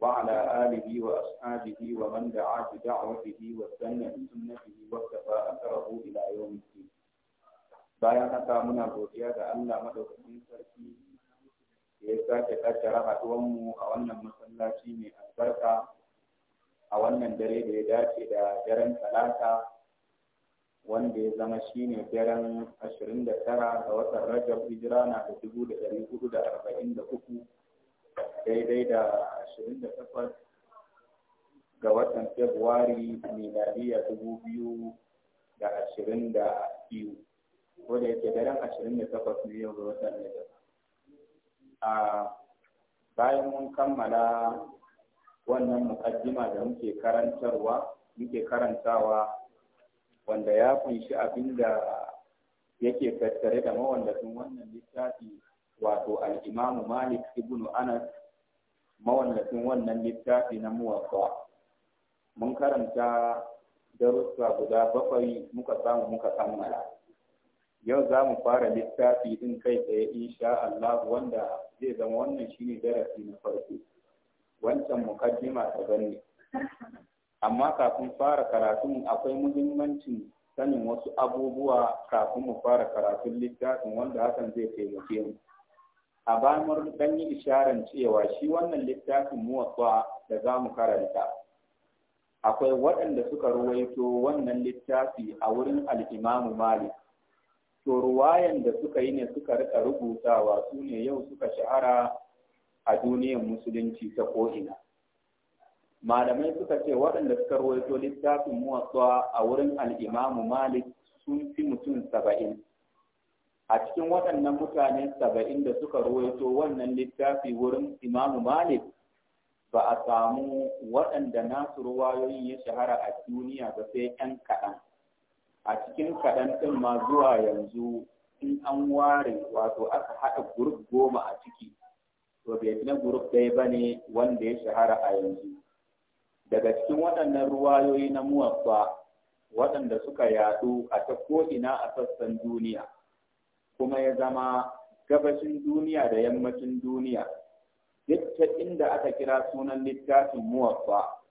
وعلى آله وأصحابه ومن دعا بدعوته واستنى بسنته واكتفى أثره إلى يوم الدين. bayan haka muna godiya da Allah madaukakin sarki ya sake kaddara haduwan mu a wannan masallaci mai albarka a wannan dare da ya dace da daren talata wanda ya zama shine daren 29 ga watan Rajab hijira na da 1443 daidai da ashirin da takwas ga watan Februari miladiya dubu biyu da ashirin da biyu ko da yake daren ashirin da takwas ne ga watan Nijar. A bayan mun kammala wannan mukaddima da muke karantarwa muke karantawa wanda ya kunshi abin da yake tattare da mawallafin wannan littafi wato al Malik ibn Anas mawallafin wannan littafi na muwaffa mun karanta darussa guda bakwai muka samu muka kammala yau za mu fara littafi din kai tsaye insha Allah wanda zai zama wannan shine darasi na farko wancan mukaddima ta gani amma kafin fara karatun akwai muhimmancin sanin wasu abubuwa kafin mu fara karatun littafin wanda hakan zai taimake mu a bamar dan yi isharar cewa shi wannan littafin muwatsa da za mu karanta akwai waɗanda suka ruwaito wannan littafi a wurin al'imamu malik to ruwayan da suka yi ne suka rika rubutawa su ne yau suka shahara a duniyar musulunci ta ko'ina malamai suka ce waɗanda suka ruwaito littafin muwatsa a wurin al'imamu malik sun fi mutum saba'in a cikin waɗannan mutane saba'in da suka ruwaito wannan littafi wurin imamu malik ba a samu waɗanda nasu ruwayoyin ya shahara a duniya ba sai ‘yan kaɗan a cikin kaɗan ɗin ma zuwa yanzu in an ware wato aka haɗa guruf goma a ciki to bai na guruf ɗaya ba ne wanda ya shahara a yanzu daga cikin waɗannan ruwayoyi na muwaffa waɗanda suka yaɗu a ta ko'ina a sassan duniya kuma ya zama gabashin duniya da yammacin duniya duk ta inda aka kira sunan littafin muwaffa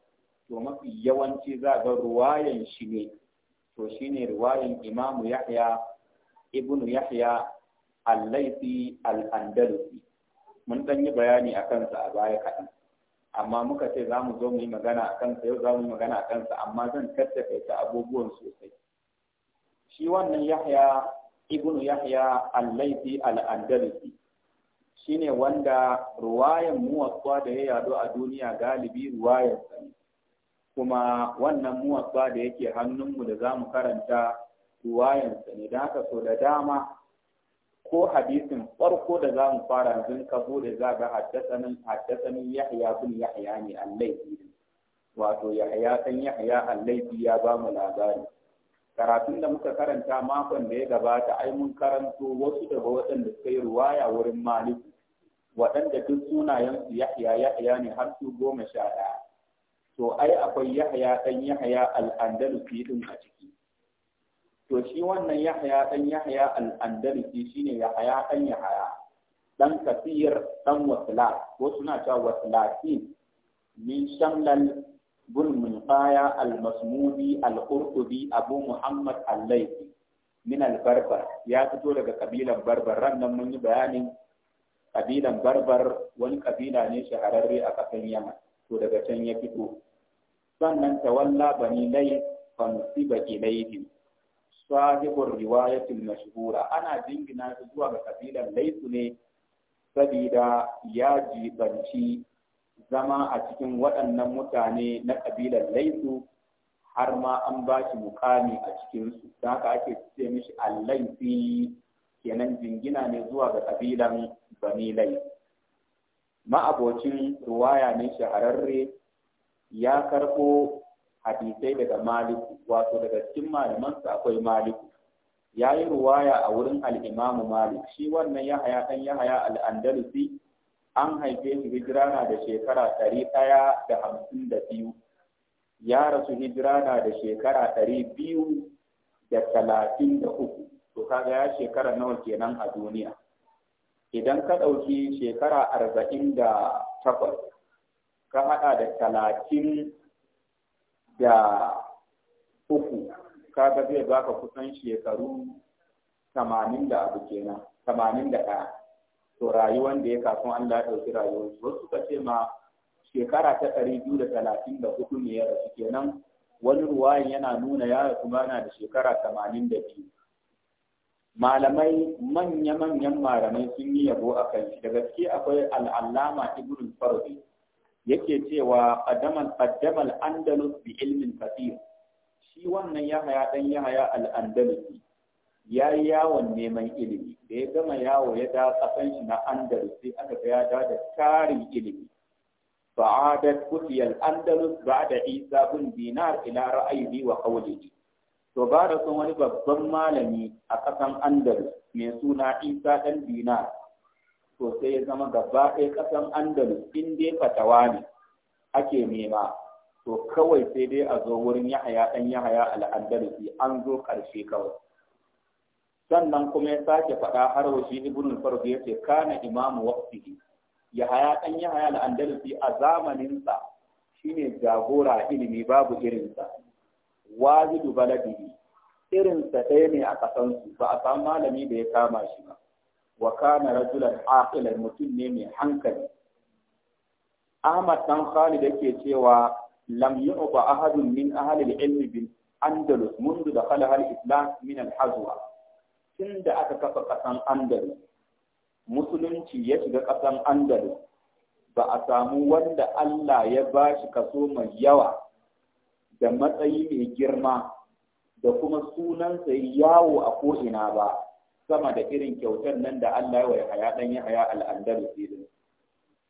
to mafi yawanci za ga ruwayan shi ne to shi ne ruwayan imamu yahya ibnu yahya al laythi al-andalusi mun dan yi bayani a kansa a baya kaɗan amma muka ce za mu zo mu yi magana a kansa yau za mu yi magana a kansa amma zan ta abubuwan sosai shi wannan yahya ibn Yahya al-Laythi al-Andalusi shine wanda ruwayan muwatta da ya yado a duniya galibi ruwayan sa kuma wannan muwatta da yake hannunmu da zamu karanta ruwayan sa ne don haka so da dama ko hadisin farko da zamu fara yanzu ka bude za ga haddasanin haddasanin Yahya bin Yahya ne al wato Yahya dan Yahya al laifi ya ba mu labari karatun da muka karanta makon da ya gabata ai mun karanto wasu daga waɗanda suka yi ruwaya wurin maliki waɗanda duk su yahya yahya ne har su goma sha ɗaya to ai akwai yahya ɗan yahya al'andalusi ɗin a ciki to shi wannan yahya ɗan yahya al'andalusi shine yahya ɗan yahya ɗan kafiyar ɗan wasila wasu na cewa wasilatin min shamlal بن منقايا المسمودي القرطبي أبو محمد الليثي من البربر يا تقول قبيلة بربر رنا من بيان قبيلة بربر وان قبيلة نيش هرري أكفن يمن تقول كان يكتو sannan tawalla bani lai fansiba ilaihim sahibur riwayatul mashhura ana jingina shi zuwa ga kabilan laisu ne sabida ya jibanci zama a cikin waɗannan mutane na ƙabilar laisu har ma an ba shi mukami a cikinsu don haka ake ce mishi allaifi kenan jingina ne zuwa ga ƙabilan bani ma'abocin ruwaya ne shahararre ya karɓo hadisai daga maliku wato daga cikin malamansa akwai maliku ya yi ruwaya a wurin al'imamu malik shi wannan ya haya ɗan ya haya al'andalusi an haife shi hijira na da shekara ɗari ɗaya da hamsin da biyu ya rasu hijira na da shekara ɗari biyu da talatin da uku to kaga ya shekara nawa kenan a duniya idan ka ɗauki shekara arba'in da takwas ka haɗa da talatin da uku kaga zai baka kusan shekaru tamanin da abu kenan tamanin da ɗaya to rayuwan da ya kafin Allah ya ɗauki rayuwar su wasu suka ce ma shekara ta ɗari biyu da talatin da hudu ne ya rasu kenan wani ruwayan yana nuna ya rasu na da shekara tamanin da biyu malamai manya-manyan malamai sun yi yabo a kan shi da gaske akwai al'allama ibn farbi yake cewa qaddamal andalus bi ilmin kathir shi wannan yahaya dan yahaya al-andalusi ya yi yawon neman ilimi da ya gama yawo ya da kasan shi na andalus sai aka ga ya da tarin ilimi fa'adat kutiyal andalus ba'da isa bin dinar ila ra'ayi wa qawlihi to ba da sun wani babban malami a kasan andalus mai suna isa dan dinar to sai ya zama gaba ɗaya kasan andalus in dai fatawa ne ake nema to kawai sai dai a zo wurin yahaya dan yahaya al-andalusi an zo ƙarshe kawai sannan kuma ya sake faɗa har wa shi ibnul farq yace kana imamu waqtihi ya haya dan ya haya al-andalusi a zamanin sa shine jagora ilimi babu irin sa wajidu baladihi irin sa ɗaya ne a kasan su ba a samu malami da ya kama shi ba wa kana rajulan aqilan mutum ne mai hankali Ahmad dan Khalid yake cewa lam yu'ba ahadun min ahli al-ilm bil Andalus منذ دخلها الإسلام من الحزوة tun da aka kafa ƙasan andalus musulunci ya shiga ƙasan andalus ba a samu wanda allah ya ba shi kaso mai yawa da matsayi mai girma da kuma sunansa yawo a ko'ina ba sama da irin kyautar nan da allah ya haya ɗan ya haya al'andalus din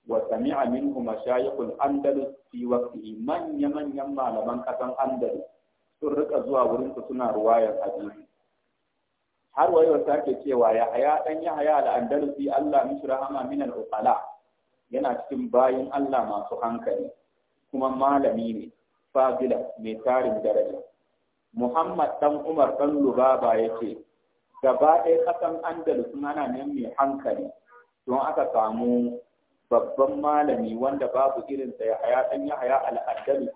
wa sami'a minhu mashayikhul andalus fi waqtihi manya manyan malaman ƙasan andalus sun rika zuwa wurinsa suna ruwayar hadisi har wayo sake cewa ya haya dan ya haya da andalusi Allah mishi rahama min al-uqala yana cikin bayin Allah masu hankali kuma malami ne fadila mai tarin daraja Muhammad dan Umar dan Lubaba yake gaba ɗaya kasan Andalus ana ne mai hankali don aka samu babban malami wanda babu irin sa ya haya dan ya haya al-andalusi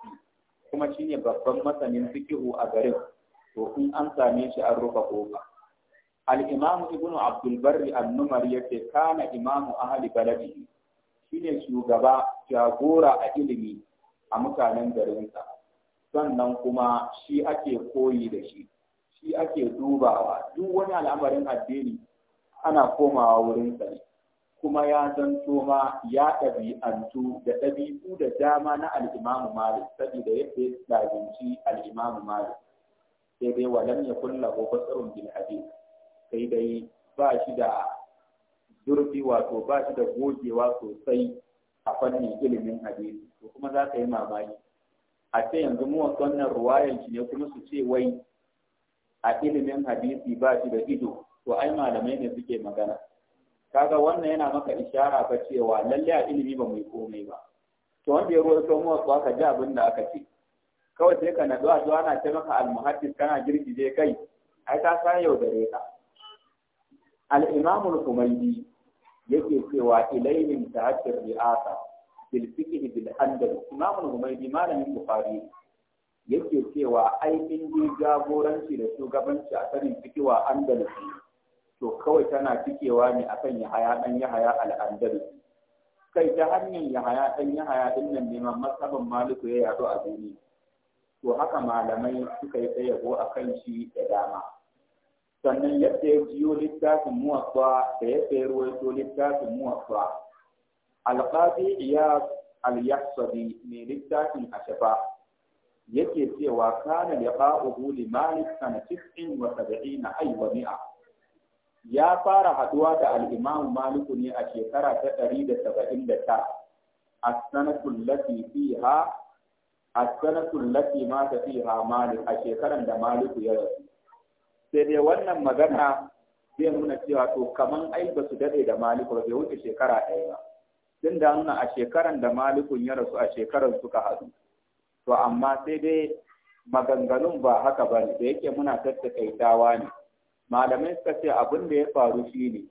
kuma shine babban masanin fikihu a garin to in an same shi an rufe kofa al ابن ibnu البر النمر an-numari yace kana imamu ahli shine shugaba jagora a ilimi a mutanen sannan kuma shi ake koyi da shi shi ake dubawa duk wani al'amarin addini ana komawa wurin ne kuma ya zanto ma ya ɗabi'antu da ɗabi'u da dama na al'imamu malik saboda yadda ya ɗabi'anci al'imamu malik sai dai walam ya kulla ko basarun bil hadith sai dai ba shi da zurfi wato ba shi da gogewa sosai a fannin ilimin hadisi to kuma za ka yi mamaki a ce yanzu mu wannan ruwayan shi ne kuma su ce wai a ilimin hadisi ba shi da ido to ai malamai ne suke magana kaga wannan yana maka ishara ba cewa lalle a ilimi ba mai komai ba to wanda ya ruwa to mu wasu aka ji abin da aka ce kawai sai ka na a zuwa ana ce maka almuhaddis kana girgije kai ai ka san yau da ka al-imam al-humaydi yake cewa ilayhim tahakkir ri'asa bil fiqh bil andalus imam al-humaydi malamin bukhari yake cewa ai in ji jagoranci da shugabanci a sanin fikiwa andalus to kawai tana cikewa ne akan yahaya dan yahaya al-andalus kai ta hanyar yahaya dan yahaya din neman masaban maliku ya yado a duniya to haka malamai suka yi a kan shi da dama sannan yadda ya jiyo littafin muwaffa da ya tsaye ruwaito littafin muwaffa alƙadi iya al-yahsabi mai littafin ashafa yake cewa kana liqa'uhu li malik sana 79 ay wa mi'a ya fara haduwa da al-imam malik ne a shekara ta 179 as-sanatu allati fiha as-sanatu allati mata fiha malik a shekaran da malik ya rasu sai dai wannan magana zai nuna cewa to kaman ai ba su dade da maliku bai wuce shekara ɗaya ba tun da nuna a shekaran da malikun ya rasu a shekaran suka haɗu to amma sai dai maganganun ba haka ba da yake muna tattakaitawa ne malamai suka ce abin da ya faru shi ne.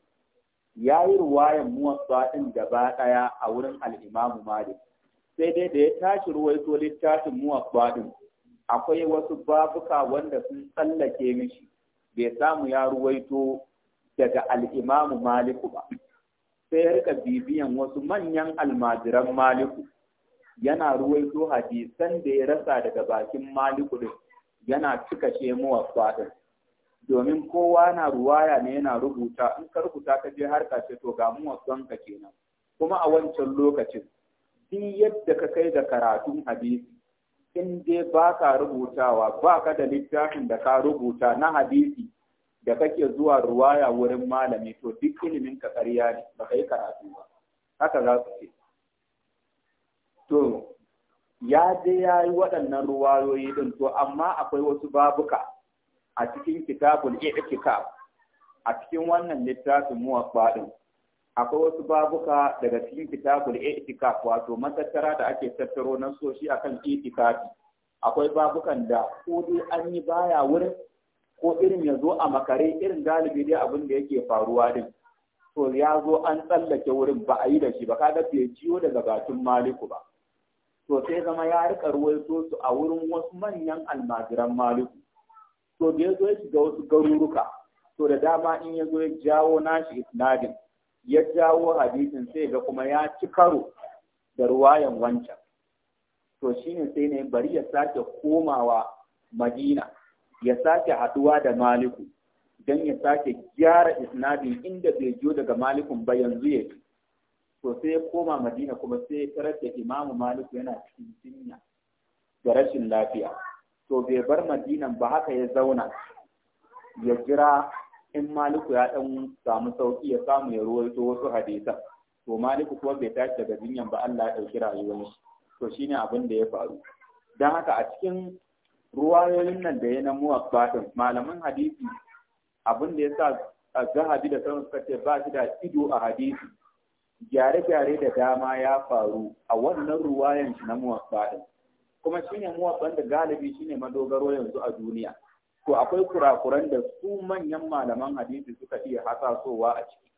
ya yi ruwayan muwatsa ɗin gaba ɗaya a wurin al'imamu malik sai dai da ya tashi ruwaito littafin muwatsa ɗin akwai wasu babuka wanda sun tsallake mishi bai samu ya ruwaito daga al'imamu maliku ba sai ya bibiyan wasu manyan almajiran maliku yana ruwaito hadisan da ya rasa daga bakin maliku din yana cika ce muwaffa domin kowa na ruwaya ne yana rubuta in karkuta ka je har ce to ga wasu kenan kuma a wancan lokacin duk yadda ka kai da karatun hadisi in dai ba ka rubutawa ba ka da littafin da ka rubuta na hadisi da kake zuwa ruwaya wurin malami to duk ilimin ka ƙarya ne ba ka yi karatu ba haka za su ce to ya je ya yi waɗannan ruwayoyi ɗin to amma akwai wasu babuka a cikin kitabul i'tikaf a cikin wannan littafin muwaffa ɗin akwai wasu babuka daga cikin kitabul i'tikaf wato matattara da ake tattaro nan so shi akan i'tikaf akwai babukan da ko dai an yi baya wurin ko irin ya zo a makare irin galibi dai abin da yake faruwa din to ya zo an tsallake wurin ba a yi da shi ba ka da bai ciwo daga bakin maliku ba to sai zama ya rika ruwaito su a wurin wasu manyan almajiran maliku to da ya zo ya shiga wasu garuruka to da dama in ya zo ya jawo nashi isnadin ya jawo hadisin sai ga kuma ya ci karo da ruwayan wancan to shine sai ne bari ya sake komawa madina ya sake haduwa da maliku don ya sake gyara isnadin inda bai jo daga malikun ba yanzu ya ci. to sai ya koma madina kuma sai ya tarar da imamu maliku yana cikin jinya da rashin lafiya to bai bar madinan ba haka ya zauna ya jira in maliku ya dan samu sauki ya samu ya ruwaito wasu hadisan to maliku kuma bai tashi daga jinyan ba Allah ya dauki rayuwar shi to shine abin da ya faru dan haka a cikin ruwayoyin nan da ya na muwaffa malamin malaman hadisi abin da ya sa zahabi da sauran suka ce ba shi da ido a hadisi gyare-gyare da dama ya faru a wannan ruwayan shi na muwaffa din kuma shine muwaffan da galibi shine madogaro yanzu a duniya ko akwai kurakuran da su manyan malaman hadisi suka iya hasasowa a ciki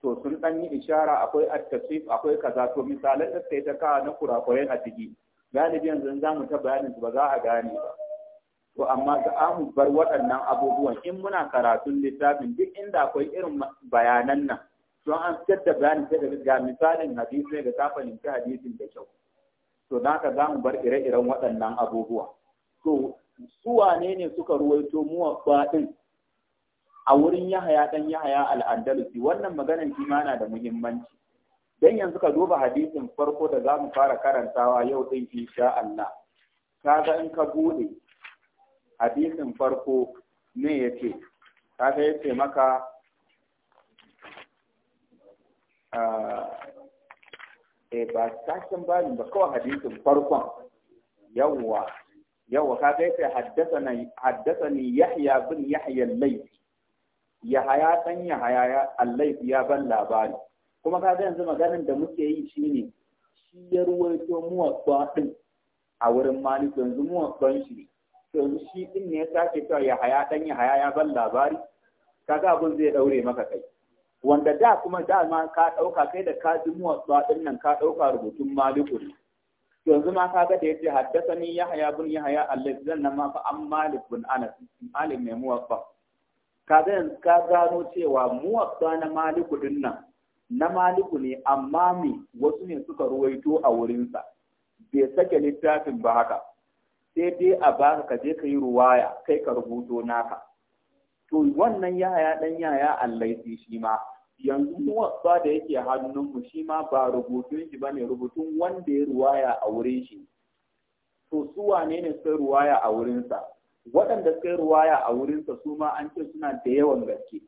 to sun dan yi ishara akwai at-tasif akwai kaza to misalan da sai ta ka na kurakurai a ciki galibi yanzu za mu ta bayanin ba za a gane ba to amma za mu bar waɗannan abubuwan in muna karatun littafin duk inda akwai irin bayanan nan to an fitar da bayanin sai ga misalin hadisi ne da ta fahimci hadisin da kyau to da haka za mu bar ire-iren waɗannan abubuwa to su wane ne suka ruwaito muwaffa a wurin yahaya ɗan yahaya al-andalusi wannan maganan shi na da muhimmanci dan yanzu ka duba hadisin farko da za mu fara karantawa yau din insha Allah kaga in ka bude hadisin farko ne yake kaga yace maka ah, eh ba sashen bayin ba kawai hadisin farkon yawwa yawa ka yace haddathana haddathani yahya bin yahya al-layth yahya dan yahya al-layth ya ban labari kuma ka ga yanzu maganar da muke yi shine shi ya ruwaito muwaffa din a wurin malik yanzu muwaffan shi yanzu shi din ne ya sake cewa yahya dan yahya ya ban labari kaga abun zai daure maka kai wanda da kuma da ma ka dauka kai da ka ji muwaffa din nan ka dauka rubutun malikun yanzu ma ka ga da yace haddathani yahya bin yahya al-lazan ma fa amma malik bin anas malik mai muwaffa ka yanzu ka gano cewa muwaffa na maliku dinnan na maliku ne amma me wasu ne suka ruwaito a wurinsa bai sake littafin ba haka sai dai a baka ka je ka yi ruwaya kai ka rubuto naka to wannan yahaya dan yahaya al-laisi shi ma yanzu muwaffa da yake hannunmu shi ma ba rubutun shi ba ne rubutun wanda ya ruwaya a wurin shi to su wane ne sai ruwaya a wurinsa waɗanda sai ruwaya a wurinsa su ma an ce suna da yawan gaske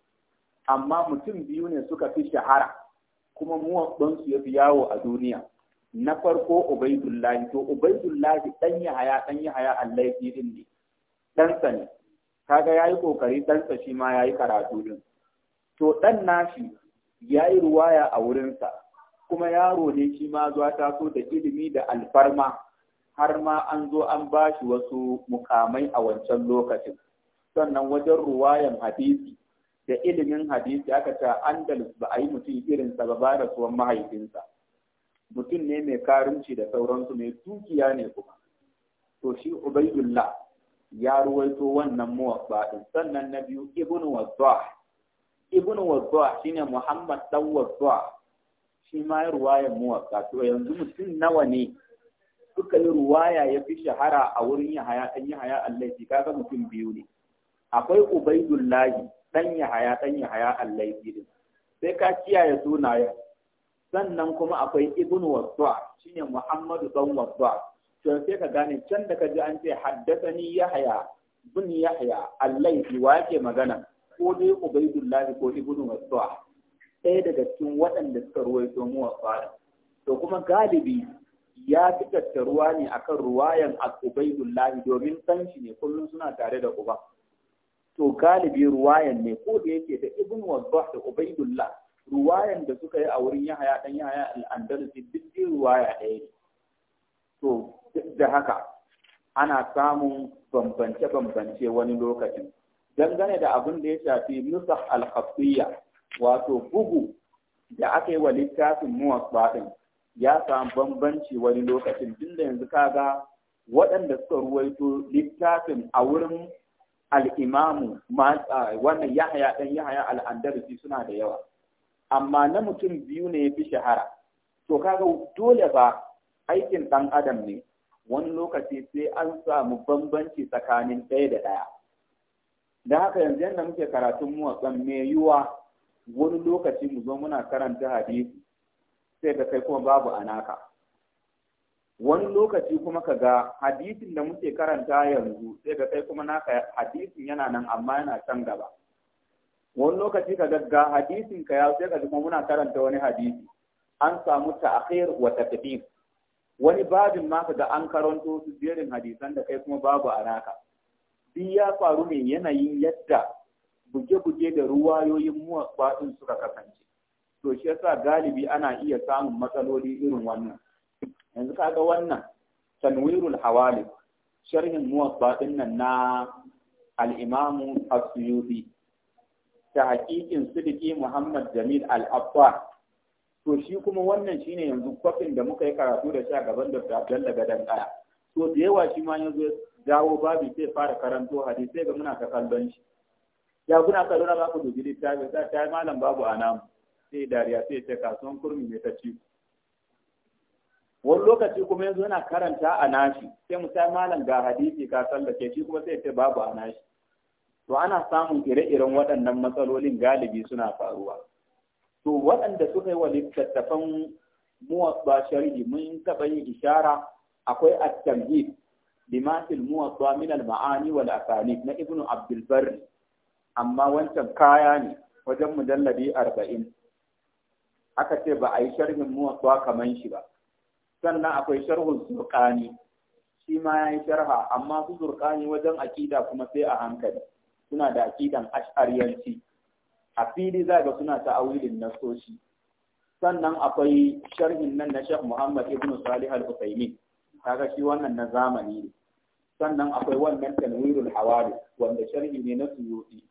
amma mutum biyu ne suka fi shahara kuma muwaffan su ya fi yawo a duniya na farko ubaidullahi to ubaidullahi dan yahaya dan yahaya allahi din ne ɗansa ne kaga yayi kokari ɗansa shi ma yayi karatu din to ɗan nashi ya yi ruwaya a wurinsa kuma yaro ne shi ma zuwa taso da ilimi da alfarma har ma an zo an ba shi wasu mukamai a wancan lokacin sannan wajen ruwayan hadisi da ilimin hadisi aka ta andalus ba a yi mutum irinsa ba ba da mahaifinsa mutum ne mai karimci da sauransu mai dukiya ne kuma to shi ubaidullah ya ruwaito wannan muwaffa sannan na biyu ibnu wadah Ibnu wadda shine muhammad dan wadda shi ma ya mu muwaka to yanzu mutum nawa ne suka yi ruwaya ya fi shahara a wurin yahaya dan yahaya ka kaga mutum biyu ne akwai ubaidullahi dan yahaya dan yahaya allahi din sai ka kiyaye sunayen sannan kuma akwai Ibnu wadda shine muhammadu dan wadda to sai ka gane can da ka ji an ce haddathani yahaya bin yahya allahi wa yake magana ko dai ubaidullahi ko ibnu mas'ud ɗaya daga cikin waɗanda suka ruwaito mu wasara to kuma galibi ya fi tattaruwa ne akan ruwayan ubaidullahi domin san shi ne kullum suna tare da uba to galibi ruwayan ne ko da yake da ibnu da ubaidullah ruwayan da suka yi a wurin yahaya dan yahaya al-andalusi duk ruwaya ɗaya ne to da haka ana samun bambance-bambance wani lokacin dangane da abin da ya shafi nusakh al wato bugu da aka yi wa littafin muwaffa ɗin ya samu bambanci wani lokacin da yanzu kaga waɗanda suka ruwaito littafin a wurin al'imamu wannan yahaya ɗan yahaya al'andarusi suna da yawa amma na mutum biyu ne ya fi shahara to kaga dole ba aikin ɗan adam ne wani lokaci sai an samu bambanci tsakanin ɗaya da ɗaya da haka yanzu yadda muke karatun muwatsan mai yiwa wani lokaci mu zo muna karanta hadisi sai ka kai kuma babu anaka wani lokaci kuma ka ga hadisin da muke karanta yanzu sai ka kai kuma naka hadisin yana nan amma yana can gaba wani lokaci ka gagga hadisin ka ya sai ka kuma muna karanta wani hadisi an samu ta'khir wa taqdim wani babin ma ka ga an karanto su jerin hadisan da kai kuma babu anaka duk ya faru ne yanayin yadda buge-buge da ruwayoyin muwaffa suka kasance to shi yasa galibi ana iya samun matsaloli irin wannan yanzu kaga wannan tanwirul hawali sharhin muwaffa nan na al'imamu imamu ta hakikin sidiki muhammad jamil al to shi kuma wannan shine yanzu kwafin da muka yi karatu da shi a gaban da Abdalla gadan kaya to da yawa shi ma yanzu dawo babu sai fara karanto hadisai ga muna ta kallon shi ya kuna kallon ba ku dubi ta ga ta malam babu anam sai dariya sai ta kasuwan kurmi ne ta ci wani lokaci kuma yanzu yana karanta a nashi sai mu sai malam ga hadisi ka sallake shi kuma sai ta babu a nashi to ana samun ire-iren waɗannan matsalolin galibi suna faruwa to waɗanda suka yi wa littattafan ba shari'i mun taɓa yin ishara akwai at-tamhid bima fil muwatta min al ma'ani wal asanid na ibnu abdul barr amma wancan kaya ne wajen mujalladi 40 aka ce ba a yi sharhin muwatta kaman shi ba sannan akwai sharhun zurqani shi ma ya yi sharha amma su zurqani wajen aqida kuma sai a hankali suna da aqidan ash'ariyanci a fili za ga suna ta'awilin nasoshi sannan akwai sharhin nan na Sheikh Muhammad ibn Salih al-Uthaymeen kaga shi wannan na zamani ne sannan akwai wannan tanwirul hawali wanda sharhi ne na suyuti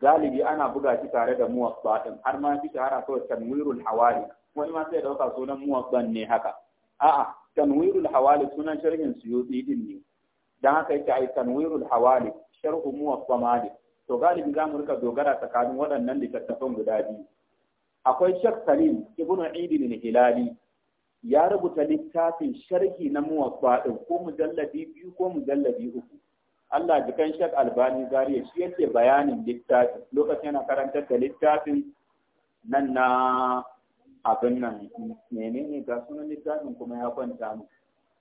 galibi ana buga shi tare da muwaffa din har ma fi tare akwai tanwirul hawali wani ma sai dauka sunan muwaffan ne haka a'a tanwirul hawali sunan sharhin suyuti din ne dan haka yake ai tanwirul hawali sharhu muwaffa ne, to galibi za mu rika dogara tsakanin waɗannan littattafan guda biyu akwai shak salim ibnu idin hilali ya rubuta littafin sharhi na muwaffa ɗin ko mujallabi biyu ko mujallabi uku Allah jikan shak albani zariya shi yake bayanin littafin lokacin yana karantar da littafin nan na abin nan menene ga sunan littafin kuma ya kwanta mu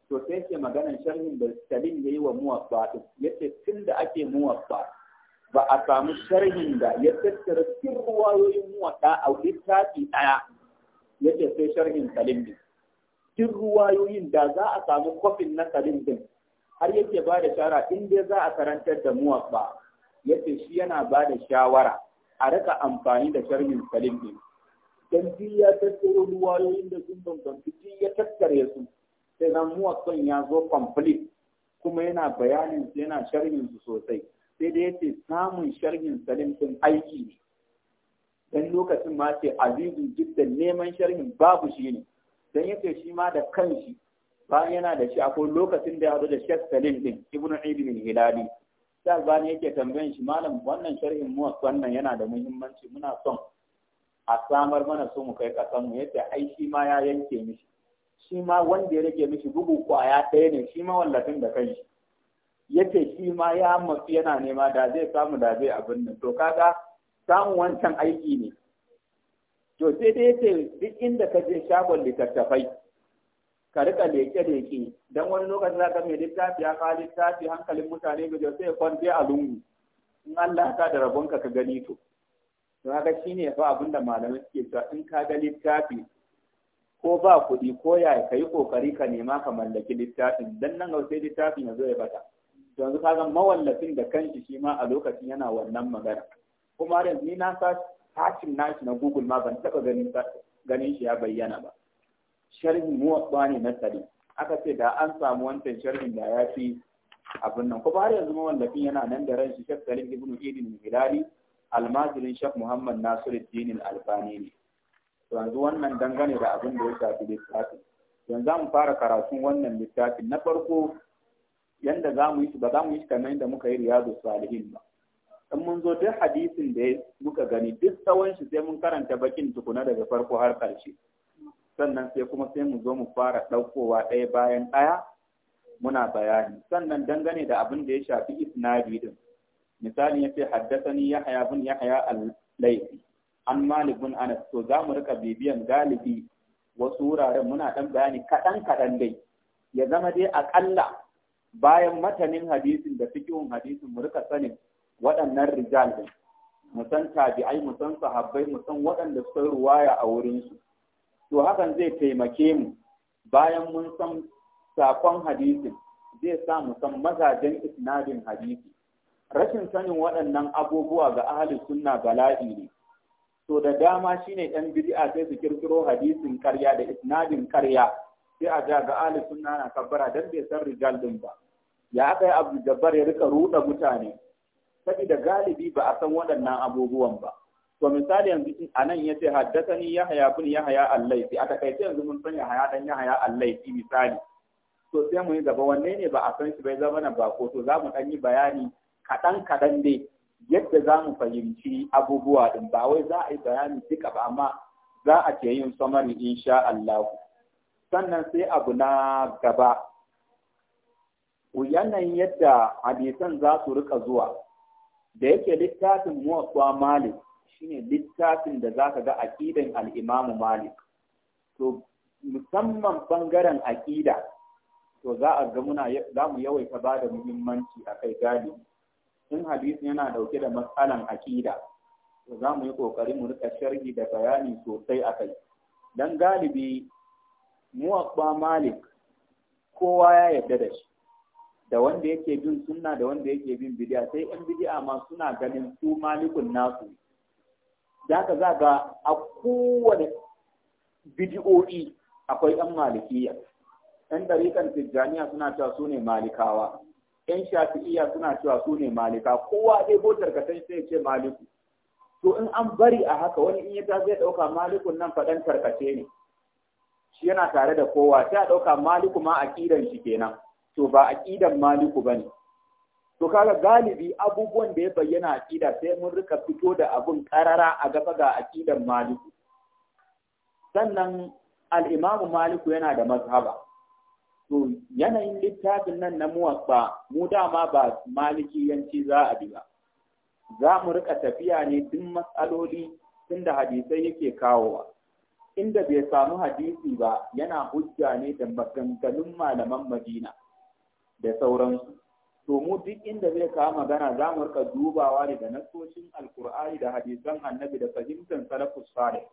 to sai ke maganan sharhin da Salim yayi wa muwaffa ɗin yace tun da ake muwaffa ba a samu sharhin da ya tattara sirruwayoyin muwaffa a littafi ɗaya yace sai sharhin Salim ne duk ruwayoyin da za a samu kofin na salim din har yake ba da shawara in dai za a karantar da muwaffa yace shi yana ba da shawara a rika amfani da sharmin salim din dan shi ya tattaro ruwayoyin da sun bambanta shi ya tattare su sai nan muwaffan ya zo complete kuma yana bayanin su yana sharhin su sosai sai dai yace samun sharhin salim din aiki ne dan lokacin ma ce azizun jiddan neman sharhin babu shi ne don yake shi ma da kanshi bayan yana da shi akwai lokacin da ya zo da Sheikh Salim din Ibn Ibn Hilali sai Albani yake tambayan shi malam wannan sharhin mu wannan yana da muhimmanci muna son a samar mana so mu kai kasan mu yace ai shi ma ya yanke mishi shi ma wanda ya rage mishi bugu kwaya ɗaya ne shi ma wallafin da kanshi yace shi ma ya matsu yana nema da zai samu da zai abin nan to kaga samu wancan aiki ne to sai dai ce duk inda ka je shagon littattafai ka rika leke leke don wani lokacin za ka mai littafi ya ka littafi hankalin mutane ga sai kwance a lungu in Allah ka da rabonka ka ka gani to to haka shine fa abin da malamai suke cewa in ka ga littafi ko ba kuɗi ko ya ka yi ƙoƙari ka nema ka mallaki littafin don nan ga sai littafin ya zo ya bata yanzu ka ga mawallafin da kanshi shi ma a lokacin yana wannan magana kuma yanzu ni na sa hakin nashi na Google ma ban taɓa ganin shi ya bayyana ba. Sharhin mu ne na tsari. Aka ce da an samu wancan sharhin da ya fi abin nan. Kuma har yanzu mawallafin yana nan da ran shi Sheikh Salim Ibn Idin Hilali almajirin Sheikh Muhammad Nasiruddin Albani ne. To yanzu wannan dangane da abin da ya shafi littafin. Yanzu za mu fara karatun wannan littafin. Na farko yanda za yi ba za mu yi kamar yadda muka yi riyadu salihin ba. in mun zo duk hadisin da muka gani duk tsawon shi sai mun karanta bakin tukuna daga farko har ƙarshe sannan sai kuma sai mu zo mu fara ɗaukowa ɗaya bayan ɗaya muna bayani sannan dangane da abin da ya shafi isnadi din misali ya ce haddasani ya haya bin ya haya al-laifi an malik bin anas to za mu rika bibiyan galibi wasu wuraren muna ɗan bayani kaɗan kaɗan dai ya zama dai aƙalla bayan matanin hadisin da fikihun hadisin mu rika sanin waɗannan rijal din mu san tabi'ai mu san sahabbai mu san waɗanda suka ruwaya a wurin su to hakan zai taimake mu bayan mun san sakon hadisi zai sa mu san mazajen isnadin hadisi rashin sanin waɗannan abubuwa ga ahli sunna bala'i ne to da dama shine ɗan bid'a sai su kirkiro hadisin karya da isnadin karya sai a ja ga ahli sunna na kabbara dan bai san rijal din ba ya aka yi abu jabbar ya rika ruɗa mutane sabida galibi ba a san waɗannan abubuwan ba to misali yanzu a nan ya ce haddasani ya haya bin ya haya allaifi a takaice yanzu mun san ya haya dan ya haya allaifi misali to sai mu yi gaba wanne ne ba a san shi bai zama na bako to za mu ɗan yi bayani kaɗan kaɗan dai yadda za mu fahimci abubuwa ɗin ba wai za a yi bayani duka ba amma za a ke yin samari insha Allah sannan sai abu na gaba yanayin yadda hadisan za su rika zuwa da yake littafin muwaswa malik shine littafin da zaka ga aqidan al-imamu malik to musamman bangaren aqida to za a ga muna za mu yawaita ba da muhimmanci akai galibi in hadisi yana dauke da matsalan aqida to za mu yi kokari mu rika sharhi da bayani sosai akai dan galibi muwaswa malik kowa ya yarda da shi da wanda yake bin sunna da wanda yake bin bidiya sai yan bidiya ma suna ganin su malikun nasu za ka za ga a kowane bidiyoyi akwai yan malikiya yan dariƙar tijjaniya suna cewa su ne malikawa yan shafi'iya suna cewa su ne malika kowa dai ko tarkatan sai ce maliku to in an bari a haka wani in ya ta zai ɗauka malikun nan faɗan tarkace ne shi yana tare da kowa sai a ɗauka maliku ma kiran shi kenan to ba aqidar maliku bane to kaga galibi abubuwan da ya bayyana aqida sai mun rika fito da abun karara a gaba ga aqidar maliku sannan al-imam maliku yana da mazhaba to yanayin littafin nan na muwaffa mu dama ba maliki yanci za a bi ba za mu rika tafiya ne duk matsaloli tunda hadisai yake kawowa inda bai samu hadisi ba yana hujja ne da maganganun malaman madina da sauransu to mu duk inda zai kawo magana za mu rika dubawa ne da nasoshin alkur'ani da hadisan annabi da fahimtar salafus sale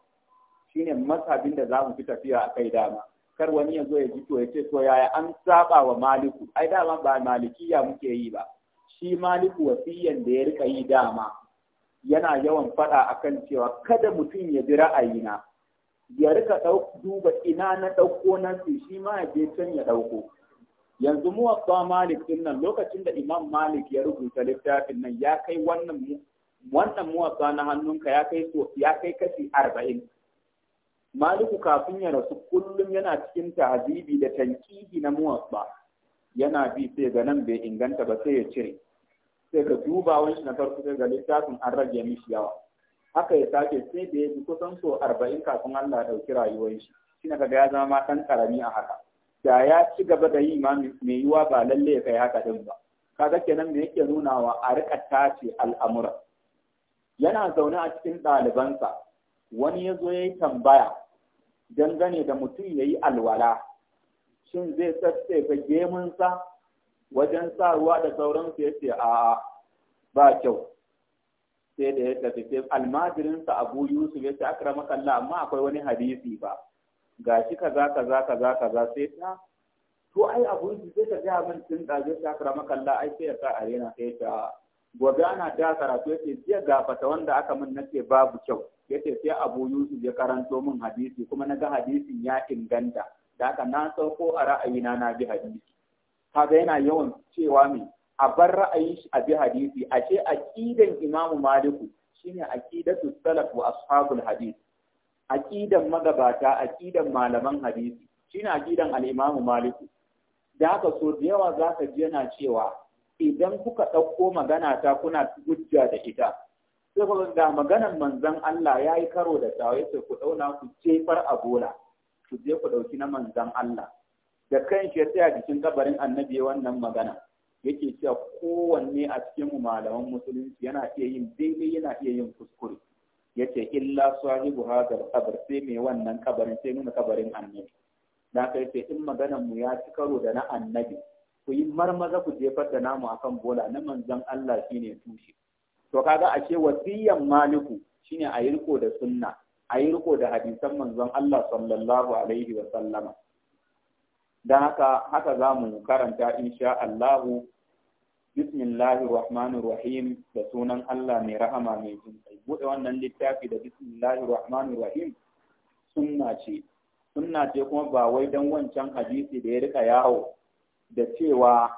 shine masabin da za mu fi tafiya a kai dama kar wani ya zo ya ji to ya ce to yaya an saba wa maliku ai dama ba malikiya muke yi ba shi maliku wasiyan da ya rika yi dama yana yawan faɗa akan cewa kada mutum ya bi ra'ayina ya rika duba ina na ɗauko na shi ma ya je can ya ɗauko yanzu muwatta malik din lokacin da imam malik ya rubuta littafin nan ya kai wannan wannan muwatta na hannunka ya kai so ya kai kashi arba'in maliku kafin ya rasu kullum yana cikin ta'azibi da tankihi na muwatta yana bi sai ga nan bai inganta ba sai ya cire sai ga dubawan shi na farko sai ga littafin an rage mishi yawa haka ya sake sai da ya bi kusan so arba'in kafin Allah ya ɗauki rayuwar shi shi ga ya zama matan karami a haka da ya ci gaba da yi ma mai yiwa ba lalle ya kai haka din ba kaga kenan me yake nunawa a rika tace al'amura yana zaune a cikin ɗalibansa wani ya zo ya yi tambaya dangane da mutum ya yi alwala shin zai sassaifa gemunsa wajen sa ruwa da sauransu ya ce a ba kyau sai da ya tafi sai almajirinsa abu yusuf ya ce amma akwai wani hadisi ba Ga za kaza kaza kaza kaza sai ta to ai abun su sai ka ji min tun zai ta kara makalla ai sai ya sa arena sai ta gobe ana ta karatu ya ce jiya gafata wanda aka min nake babu kyau ya ce sai abu yusuf ya karanto min hadisi kuma na ga hadisin ya inganta da aka na sauko a ra'ayina na bi hadisi kaga yana yawan cewa mai, a bar ra'ayin shi a bi hadisi ashe aqidan imamu maliku shine aqidatu salafu ashabul hadisi aqidan magabata aqidan malaman hadisi shine aqidan al imamu Malik da haka so da yawa zaka ji yana cewa idan kuka ɗauko magana ta kuna hujja da ita sai ku ga maganan manzon Allah yayi karo da tawo yace ku dauna ku jefar a bola ku je ku dauki na manzon Allah da kan shi a jikin kabarin annabi wannan magana yake cewa kowanne a cikin malaman musulunci yana iya yin daidai yana iya yin kuskure Ya ce, illa sahibu hadar kabar sai mai wannan kabarin sai nuna kabarin annabi Na kai sai in maganan mu ya ci karo da na annabi ku yi marmaza ku jefar da namu akan bola na manzon Allah shine tushe to kaga a ce wasiyyan maliku shine a yi riko da sunna a yi riko da hadisan manzon Allah sallallahu alaihi wa sallama dan haka haka zamu karanta insha Allahu. bismillahir rahmanir rahim da sunan Allah mai rahama mai jin kai wannan littafi da bismillahir rahmanir rahim sunna ce sunna ce kuma ba wai dan wancan hadisi da ya rika yawo da cewa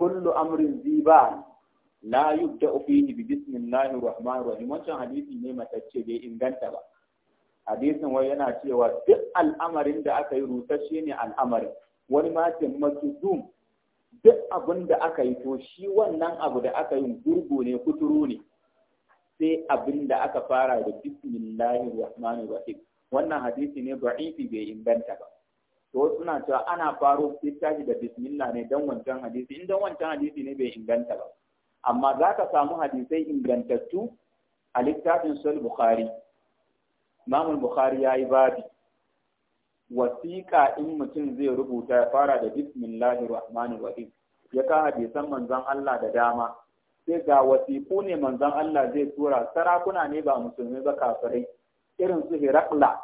kullu amrin ziba la yubda fihi bi bismillahir rahmanir rahim wancan hadisi ne matacce bai inganta ba hadisin wai yana cewa duk al'amarin da aka yi rusashe ne al'amarin wani ma ce masudum duk abin da aka yi to shi wannan abu da aka yi gurgu ne kuturu ne sai abin da aka fara da bismillahir rahmanir rahim wannan hadisi ne da'ifi bai inganta ba to suna cewa ana faro tashi da bismillah ne dan wancan hadisi in dan wancan hadisi ne bai inganta ba amma za ka samu hadisai ingantattu a littafin sul bukhari imam bukhari yayi babi wasiƙa in mutum zai rubuta ya fara da bismillahir rahmanir rahim ya ka hadisan manzon Allah da dama sai ga wasiƙu ne manzon Allah zai tura sarakuna ne ba musulmi ba kafirai irin su Hirakla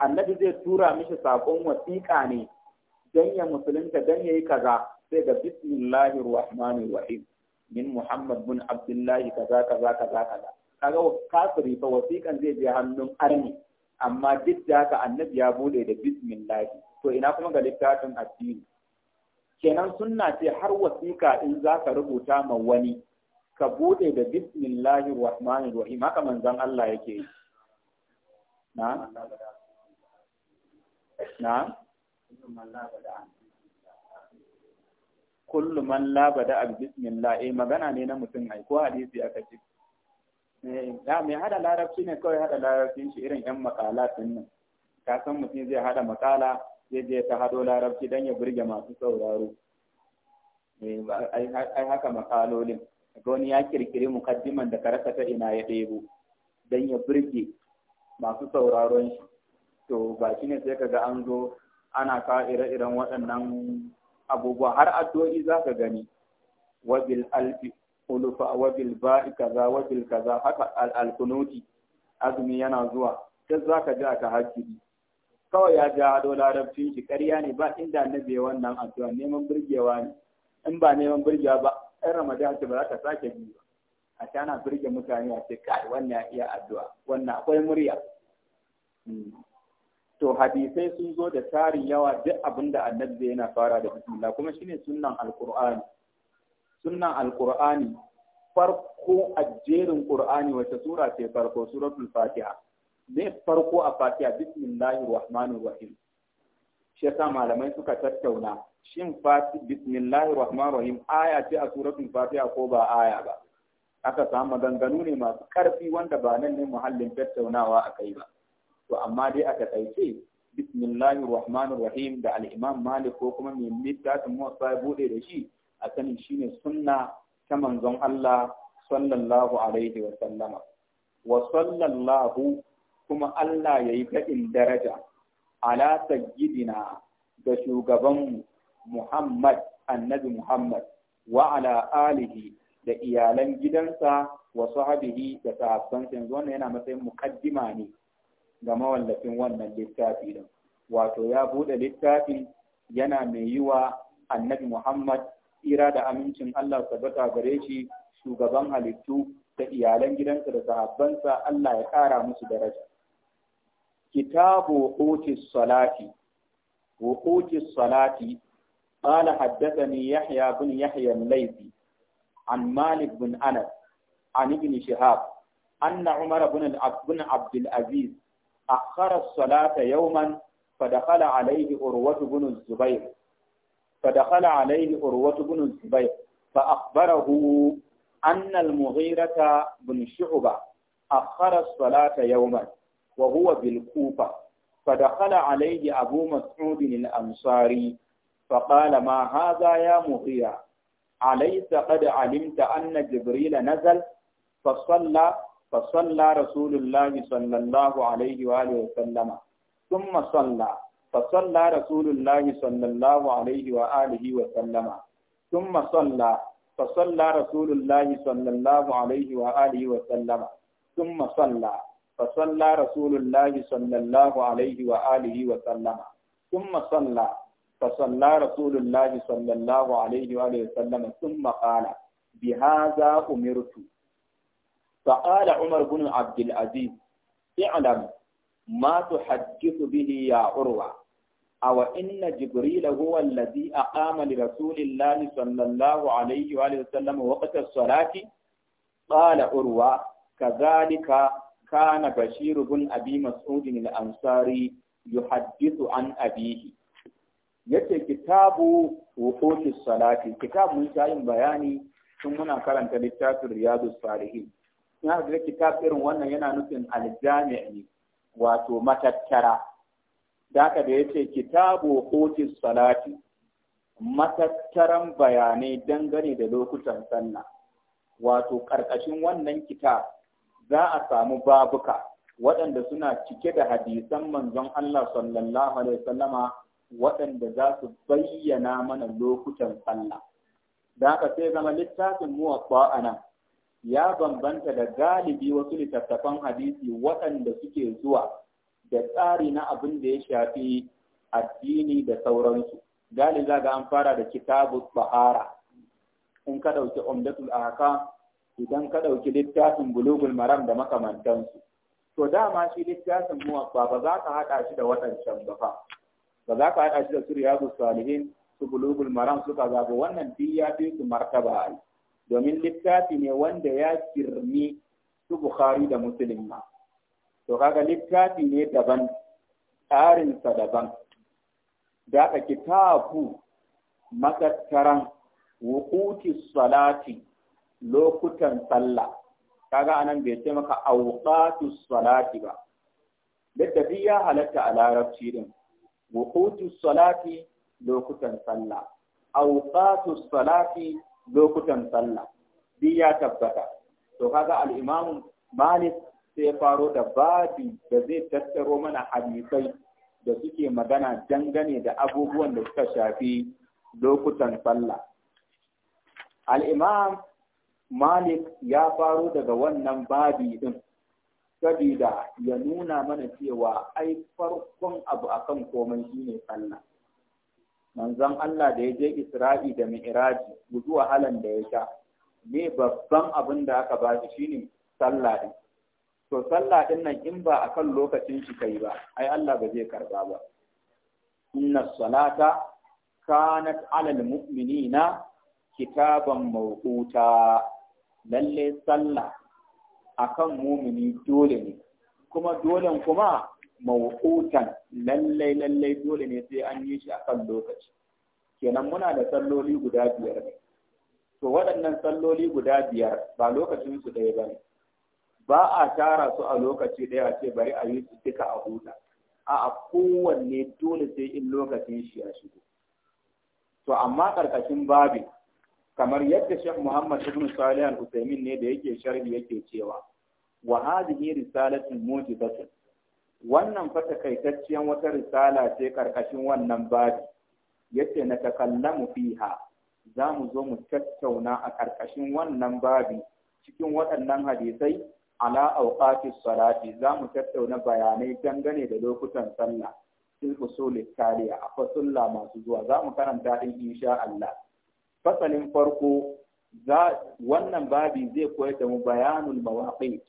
annabi zai tura mishi saƙon wasiƙa ne dan ya musulunta dan yayi kaza sai ga bismillahir rahmanir rahim min Muhammad bin Abdullahi kaza kaza kaza kaza kaga kafiri fa wasiƙan zai je hannun arni amma duk da haka annabi ya bude da bismillah to ina kuma ga littafin addini kenan sunna ce har wasiƙa in za ka rubuta ma wani ka bude da bismillahir rahmanir rahim haka manzon Allah yake yi na na kullu man la bada bismillah eh magana ne na mutum ai ko hadisi aka ce Eh, da mai hada larabci ne kawai hada larabci shi irin yan makala sun nan ka san mutum zai hada makala zai je ta hado larabci dan ya burge masu sauraro eh, ai haka makalolin ga wani ya kirkiri mukaddiman da karasa ta ina ya ɗebo dan ya burge masu sauraron shi to ba shi ne sai ka ga an zo ana kawo ire-iren waɗannan abubuwa har addu'o'i za ka gani wabil alfi hulufa wa ba'i kaza wa kaza haka al-kunuti azumi yana zuwa sai zaka ji aka hajji kawai ya ja hado larabcin shi ƙarya ne ba inda na ya wannan addu'a neman burgewa ne in ba neman burgewa ba ɗan ramadan ce ba za ka sake bi ba a ta na burge mutane a ce kai wannan ya iya addu'a wannan akwai murya to hadisai sun zo da tarin yawa duk abin da annabi yana fara da bismillah kuma shine sunnan alqur'ani Sunan alqur'ani farko a jerin qur'ani wata sura ce farko suratul fatiha ne farko a fatiha bismillahir rahmanir rahim shi yasa malamai suka tattauna shin fati bismillahir rahmanir rahim aya ce a suratul fatiha ko ba aya ba aka samu maganganu ne masu karfi wanda ba nan ne muhallin tattaunawa akai ba to amma dai aka taice bismillahir rahmanir rahim da al-imam malik ko kuma mai littafin mu ya bude da shi a shi shine sunna ta manzon Allah sallallahu alaihi wa sallama wa sallallahu kuma Allah yayi kadin daraja ala sayyidina ga shugaban Muhammad annabi Muhammad wa ala alihi da iyalan gidansa wa sahabihi da sahabbansa yanzu wannan yana matsayin mukaddima ne ga mawallafin wannan littafi din wato ya buɗe littafin yana mai yiwa annabi Muhammad tsira da amincin Allah sabata gare shi shugaban halittu da iyalan gidansa da sahabbansa Allah ya kara musu daraja. Kitabu Otis Salati Otis Salati Ala haddasa ni Yahya bin yahyan Laifi an Malik bin Anas an ibn Shihab أن عمر بن بن عبد العزيز أخر الصلاة يوما فدخل عليه أروة بن الزبير فدخل عليه عروة بن الزبير فأخبره أن المغيرة بن شعبة أخر الصلاة يوما وهو بالكوفة فدخل عليه أبو مسعود الأنصاري فقال ما هذا يا مغيرة أليس قد علمت أن جبريل نزل فصلى فصلى رسول الله صلى الله عليه وآله وسلم ثم صلى فصلى رسول الله صلى الله عليه وآله وسلم ثم صلى فصلى رسول الله صلى الله عليه وآله وسلم ثم صلى فصلى رسول الله صلى الله عليه وآله وسلم ثم صلى فصلى رسول الله صلى الله عليه وآله وسلم ثم قال بهذا أمرت فقال عمر بن عبد العزيز اعلم Matu tuhaddithu bihi ya urwa aw inna jibril huwa a aqama li rasulillahi sallallahu alayhi wa alihi wasallam waqta as urwa kazalika, kana Bashiru, Bun abi mas'ud ansari yuhaddithu an abihi yace kitabu wuqutis salati kitab mun ta bayani sun muna karanta littafin riyadus salihin na ga kitab irin wannan yana nufin aljami' wato matattara daka da yace kitabu hutis salati matattaran bayanai dangane da lokutan sallah wato ƙarƙashin wannan kitab za a samu babuka waɗanda suna cike da hadisan manzon Allah sallallahu alaihi wasallama waɗanda za su bayyana mana lokutan sallah da sai zama littafin muwaffa a nan ya bambanta da galibi wasu littattafan hadisi waɗanda suke zuwa da tsari na abin da ya shafi addini da sauransu. Gali za ga an fara da kitabu bahara in ka ɗauki umdatul aka idan ka ɗauki littafin bulugul maram da makamantansu. To dama shi littafin muwaffa ba za ka haɗa shi da waɗancan ba fa. Ba za ka haɗa shi da su riyadu salihin su bulugul maram su ka zaɓi wannan duk ya fi su martaba ai. domin littafi ne wanda ya firmi su Bukhari da Muslim ma. To kaga littafi ne daban, tsarinsa daban. Da aka kitabu makattaran wukuti salati lokutan sallah. Kaga anan bai ce maka awqatu salati ba. Littafi ya halatta a larabci din. wukuti salati lokutan sallah. Awqatu salati lokutan sallah bi ya tabbata to kaga al-Imam Malik sai ya faro da babi da zai tattaro mana hadisai da suke magana dangane da abubuwan da suka shafi lokutan sallah al-Imam Malik ya faro daga wannan babi din sabida ya nuna mana cewa ai farkon abu akan komai shine sallah manzon Allah da ya je Isra'i da Mi'raji zuwa wahalan da ya sha ne babban abin da aka ba shi shine sallah din to sallah din nan in ba akan lokacin shi kai ba ai Allah ba zai karba ba inna salata kanat alal mu'minina kitaban mawquta lalle sallah akan mumini dole ne kuma dolen kuma mawqutan lallai lallai dole ne sai an yi shi a kan lokaci kenan muna da salloli guda biyar ne to waɗannan salloli guda biyar ba lokacin su ɗaya ne. ba a tara su a lokaci ɗaya a ce bari a yi su duka a huta a a kowanne dole sai in lokacin shi ya shigo to amma ƙarƙashin babin kamar yadda Sheikh Muhammad Ibn Salih al ne da yake sharhi yake cewa wa hadhihi risalatin mu'jizatun wannan fa takaitacciyar wata risala ce karkashin wannan babi yace na takallamu fiha za mu zo mu tattauna a karkashin wannan babi cikin waɗannan hadisai ala auqatis salati za mu tattauna bayanai dangane da lokutan sallah fil usul taliya a fasulla masu zuwa za mu karanta din insha Allah fasalin farko za wannan babi zai koyar da mu bayanul mawaqit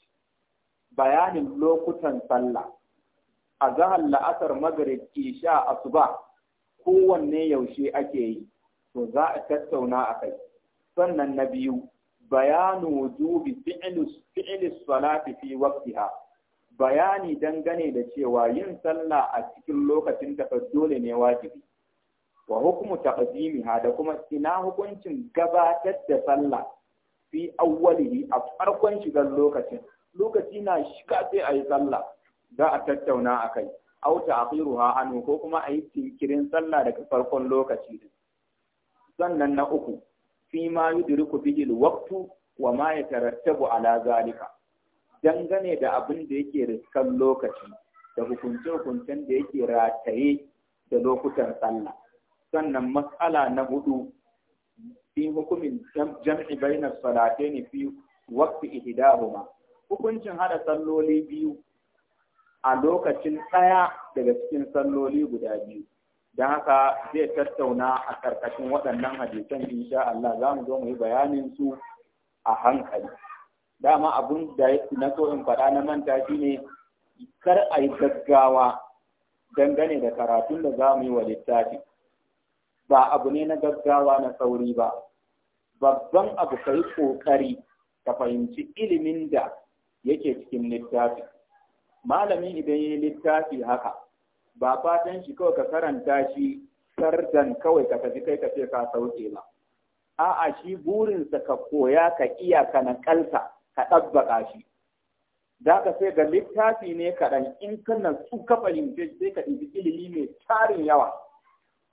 bayanin lokutan sallah a zahar la'asar magrib isha asuba kowanne yaushe ake yi to za a tattauna a kai sannan na biyu bayanu wujubi fi'lis salati fi waqtiha bayani dangane da cewa yin sallah a cikin lokacin ta dole ne wajibi wa hukmu taqdimiha da kuma ina hukuncin gabatar da sallah fi awwalihi a farkon shigar lokacin lokaci na shiga sai a yi sallah za a tattauna a kai auta akhiruha anu ko kuma a yi tinkirin sallah daga farkon lokaci sannan na uku fi ma yudriku bihi alwaqtu wa ma yatarattabu ala zalika dangane da abin da yake riskan lokaci da hukunce-hukuncen da yake rataye da lokutan sallah sannan matsala na hudu fi hukumin jam'i bainas salatayn fi waqti ihdahuma hukuncin hada salloli biyu a lokacin ɗaya daga cikin salloli guda biyu da haka zai tattauna a ƙarƙashin waɗannan hadisan insha Allah za mu zo mu yi bayanin su a hankali dama abin da na so in faɗa na manta ne. kar a yi gaggawa dangane da karatun da za mu yi wa littafi ba abu ne na gaggawa na sauri ba babban abu ka yi ƙoƙari ka fahimci ilimin da yake cikin littafi. malami idan yi littafi haka ba fatan shi kawai ka karanta shi sardan kawai ka tafi kai ka ce ka sauke ba a'a shi burinsa ka koya ka iya ka nakalta ka ɗabbaka shi da ka sai ga littafi ne kaɗan in ka su ka fahimce sai ka ɗibi ilimi mai tarin yawa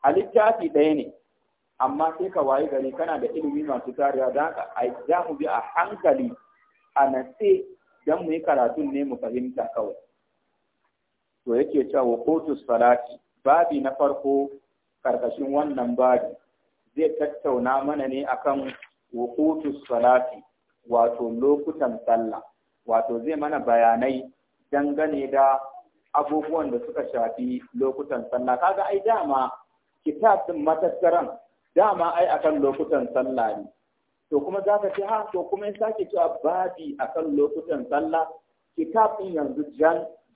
a littafi ɗaya ne amma sai ka wayi gari kana da ilimi masu tarewa da haka a za mu bi a hankali a natse dan mu yi karatun ne mu fahimta kawai to yake cewa kotus salati babi na farko karkashin wannan babi zai tattauna mana ne akan wuqutus salati wato lokutan sallah wato zai mana bayanai dangane da abubuwan da suka shafi lokutan sallah kaga ai dama kitab ɗin matattaran dama ai akan lokutan sallah ne to kuma za ka ce ha to kuma ya sake cewa babi kan lokutan sallah kitabin yanzu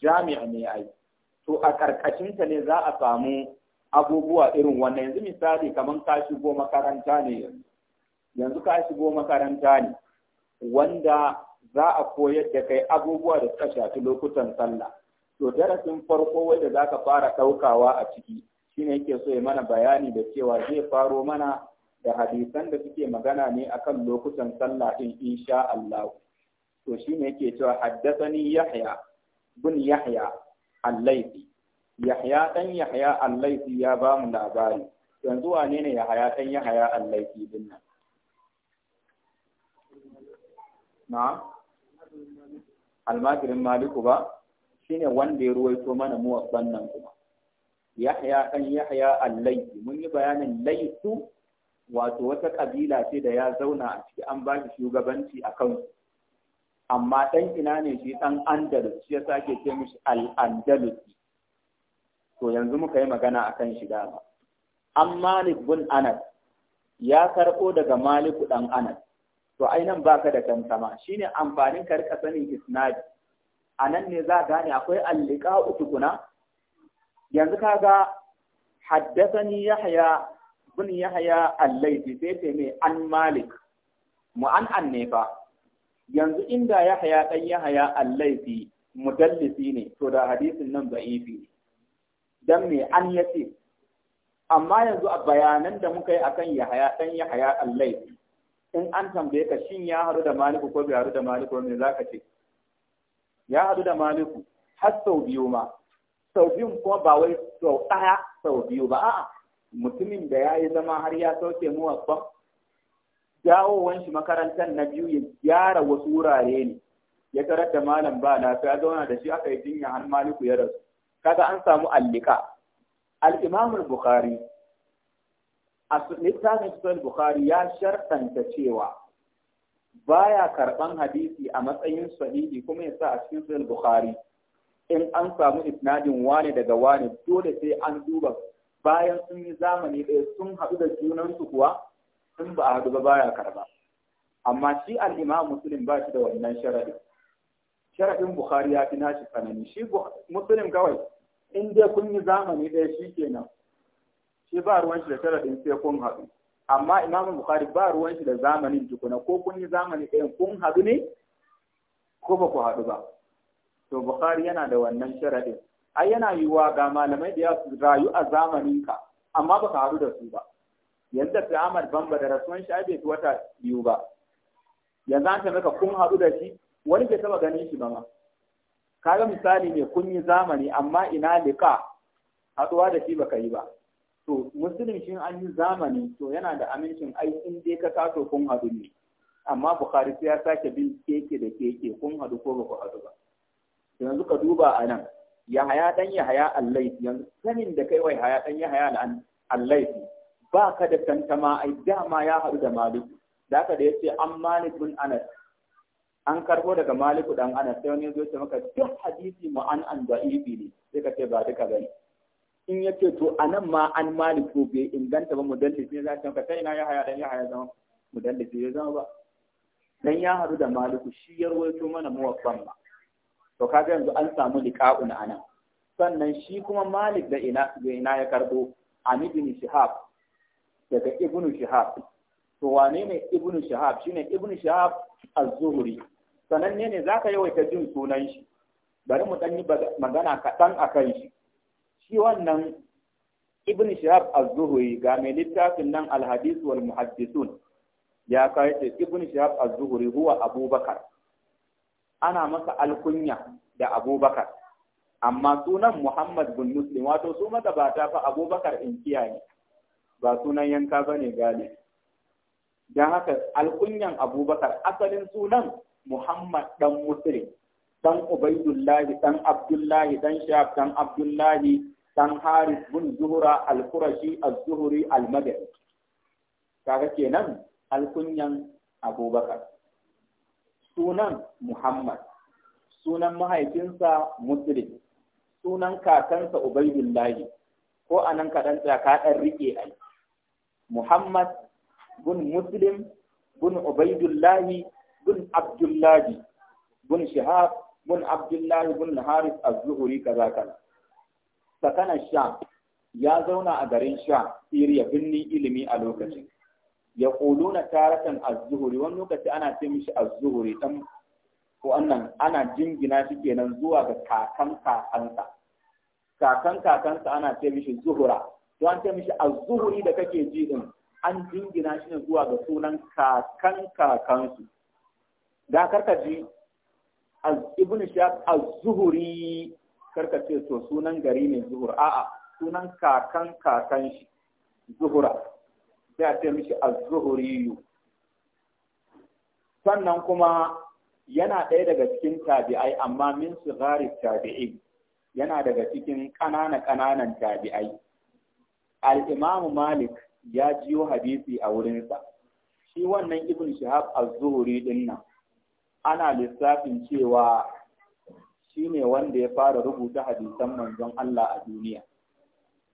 jami'a ne ai to a karkashinta ne za a samu abubuwa irin wannan yanzu misali kamar ka shigo makaranta ne yanzu yanzu ka shigo makaranta ne wanda za a koyar da kai abubuwa da suka shafi lokutan sallah to darasin farko wanda za ka fara ɗaukawa a ciki shine yake so ya mana bayani da cewa zai faro mana da hadisan da suke magana ne akan lokutan sallah din insha Allah to shine yake cewa haddathani Yahya bin Yahya al-Laythi Yahya dan Yahya al-Laythi ya ba mu labari yanzu wane ne Yahya dan Yahya al-Laythi din nan na almajirin maliku ba shine wanda ya ruwaito mana mu wannan kuma Yahya dan Yahya al-Laythi mun yi bayanin Laythu wato wata kabila ce da ya zauna a ciki an ba shi shugabanci a kansu amma ɗan ina ne shi ɗan andalus shi ya sake ce mishi al'andalusi to yanzu muka yi magana a kan shi dama an malik bin anas ya karɓo daga maliku ɗan anas to ai nan baka da tantama shine amfanin ka rika sanin isnadi a nan ne za gane akwai uku kuna yanzu ka ga. kaga ya yahya bin yahaya al-laifi sai ce mai an malik mu an annefa yanzu inda yahaya dan yahaya al mudallisi ne to da hadisin nan da'ifi dan me an yace amma yanzu a bayanan da muka yi akan yahaya dan yahaya al in an tambaye ka shin ya haru da maliku ko bai haru da maliku me zaka ce ya haru da maliku har sau biyu ma sau biyun kuma ba wai sau ɗaya sau biyu ba a'a mutumin da ya yi zama har ya sauke muwaffaq dawowan shi makarantar na biyu ya gyara wasu wurare ne ya tarar da malam ba ya zauna da shi aka yi jinya har maliku ya rasu kaga an samu allika al'imamul imam bukhari a littafin sunan bukhari ya shartanta cewa baya karɓan hadisi a matsayin sahihi kuma ya sa a cikin sunan bukhari in an samu isnadin wane daga wane dole sai an duba bayan sun yi zamani ɗaya sun haɗu da junansu kuwa sun ba a haɗu ba baya karba amma shi al'imam musulun ba shi da wannan sharaɗin sharaɗin bukhari ya fi nashi tsanani shi musulun kawai in dai kun yi zamani ɗaya shi kenan shi ba ruwan shi da sharaɗin sai kun haɗu amma imam bukhari ba ruwan shi da zamanin tukuna ko kun yi zamani ɗaya kun haɗu ne ko ba ku haɗu ba to bukhari yana da wannan sharaɗin ai yana yiwuwa ga malamai da ya rayu a zamaninka amma baka haɗu da su ba yanda fi Ahmad Bamba da rasuwan shi bai wata biyu ba yanzu an ce maka kun haɗu da shi wani bai taɓa ganin shi ba ma kaga misali ne kun yi zamani amma ina liƙa haɗuwa da shi baka yi ba to musulun shi an yi zamani to yana da amincin ai in dai ka kaso kun haɗu ne amma Bukhari sai ya sake bin keke da keke kun haɗu ko ba ku haɗu ba yanzu ka duba a nan ya haya dan ya haya Allah yanzu sanin da kai wai haya dan ya haya Allah ba ka da tantama ai dama ya haɗu da Malik da ka da yace an malik bin anas an karbo daga Malik dan anas sai wani yazo ya maka duk hadisi mu an an da'ibi ne sai ka ce ba duka bane in yace to anan ma an ko bai inganta ba mudallisi ne za ka sai na ya haya dan ya haya zama mudallisi ya zama ba dan ya haɗu da Malik shi ya mana muwaffan ma to kaga yanzu an samu liqa'un ana sannan shi kuma Malik da ina da ina ya karbo an ibn Shihab daga ibn Shihab to wane ne ibn Shihab shine ibn Shihab az-Zuhri Sannan ne ne zaka yawaita jin sunan shi bari mu dan yi magana kaɗan akan shi shi wannan ibn Shihab az-Zuhri ga mai littafin nan al-Hadith wal Muhaddisun ya kai ibn Shihab az-Zuhri huwa Abubakar ana masa alkunya da abubakar amma sunan muhammad bin muslim wato su ta fa abubakar in kiyaye ba sunan yanka ba ne gane don haka alkunyan abubakar asalin sunan muhammad dan muslim dan ubaidullahi dan abdullahi dan shaf dan abdullahi dan haris bin zuhura al-qurashi al zuhri al-madani kaga kenan alkunyan abubakar sunan Muhammad, sunan mahaifinsa Musulun, sunan kakansa Ubaidullahi, ko a nan kaɗan ka riƙe ai. Muhammad bin Muslim bin Ubaidullahi bin Abdullahi bin Shihab bin Abdullahi bin Haris az-Zuhri kaza kaza. Sakana sha ya zauna a garin sha, Siriya, binni ilimi a lokacin. ya na taratan azuhuri wani lokaci ana ce mishi azuhuri ɗan dan ko annan ana jingina shi kenan zuwa ga kakan kakansa kakan kakansa ana ce mishi zuhura to an ce mishi azuhuri da kake ji din an jingina shi ne zuwa ga sunan kakan kakansu da karka ji ibn shaf az karka ce to sunan gari ne zuhur a'a sunan kakan kakan shi zuhura sai a ce mishi az-zuhriyu sannan kuma yana ɗaya daga cikin tabi'ai amma min sigari tabi'i yana daga cikin ƙanana ƙananan tabi'ai al-imamu malik ya jiyo hadisi a wurinsa shi wannan ibn shihab az-zuhri din nan ana lissafin cewa shi ne wanda ya fara rubuta hadisan manzon Allah a duniya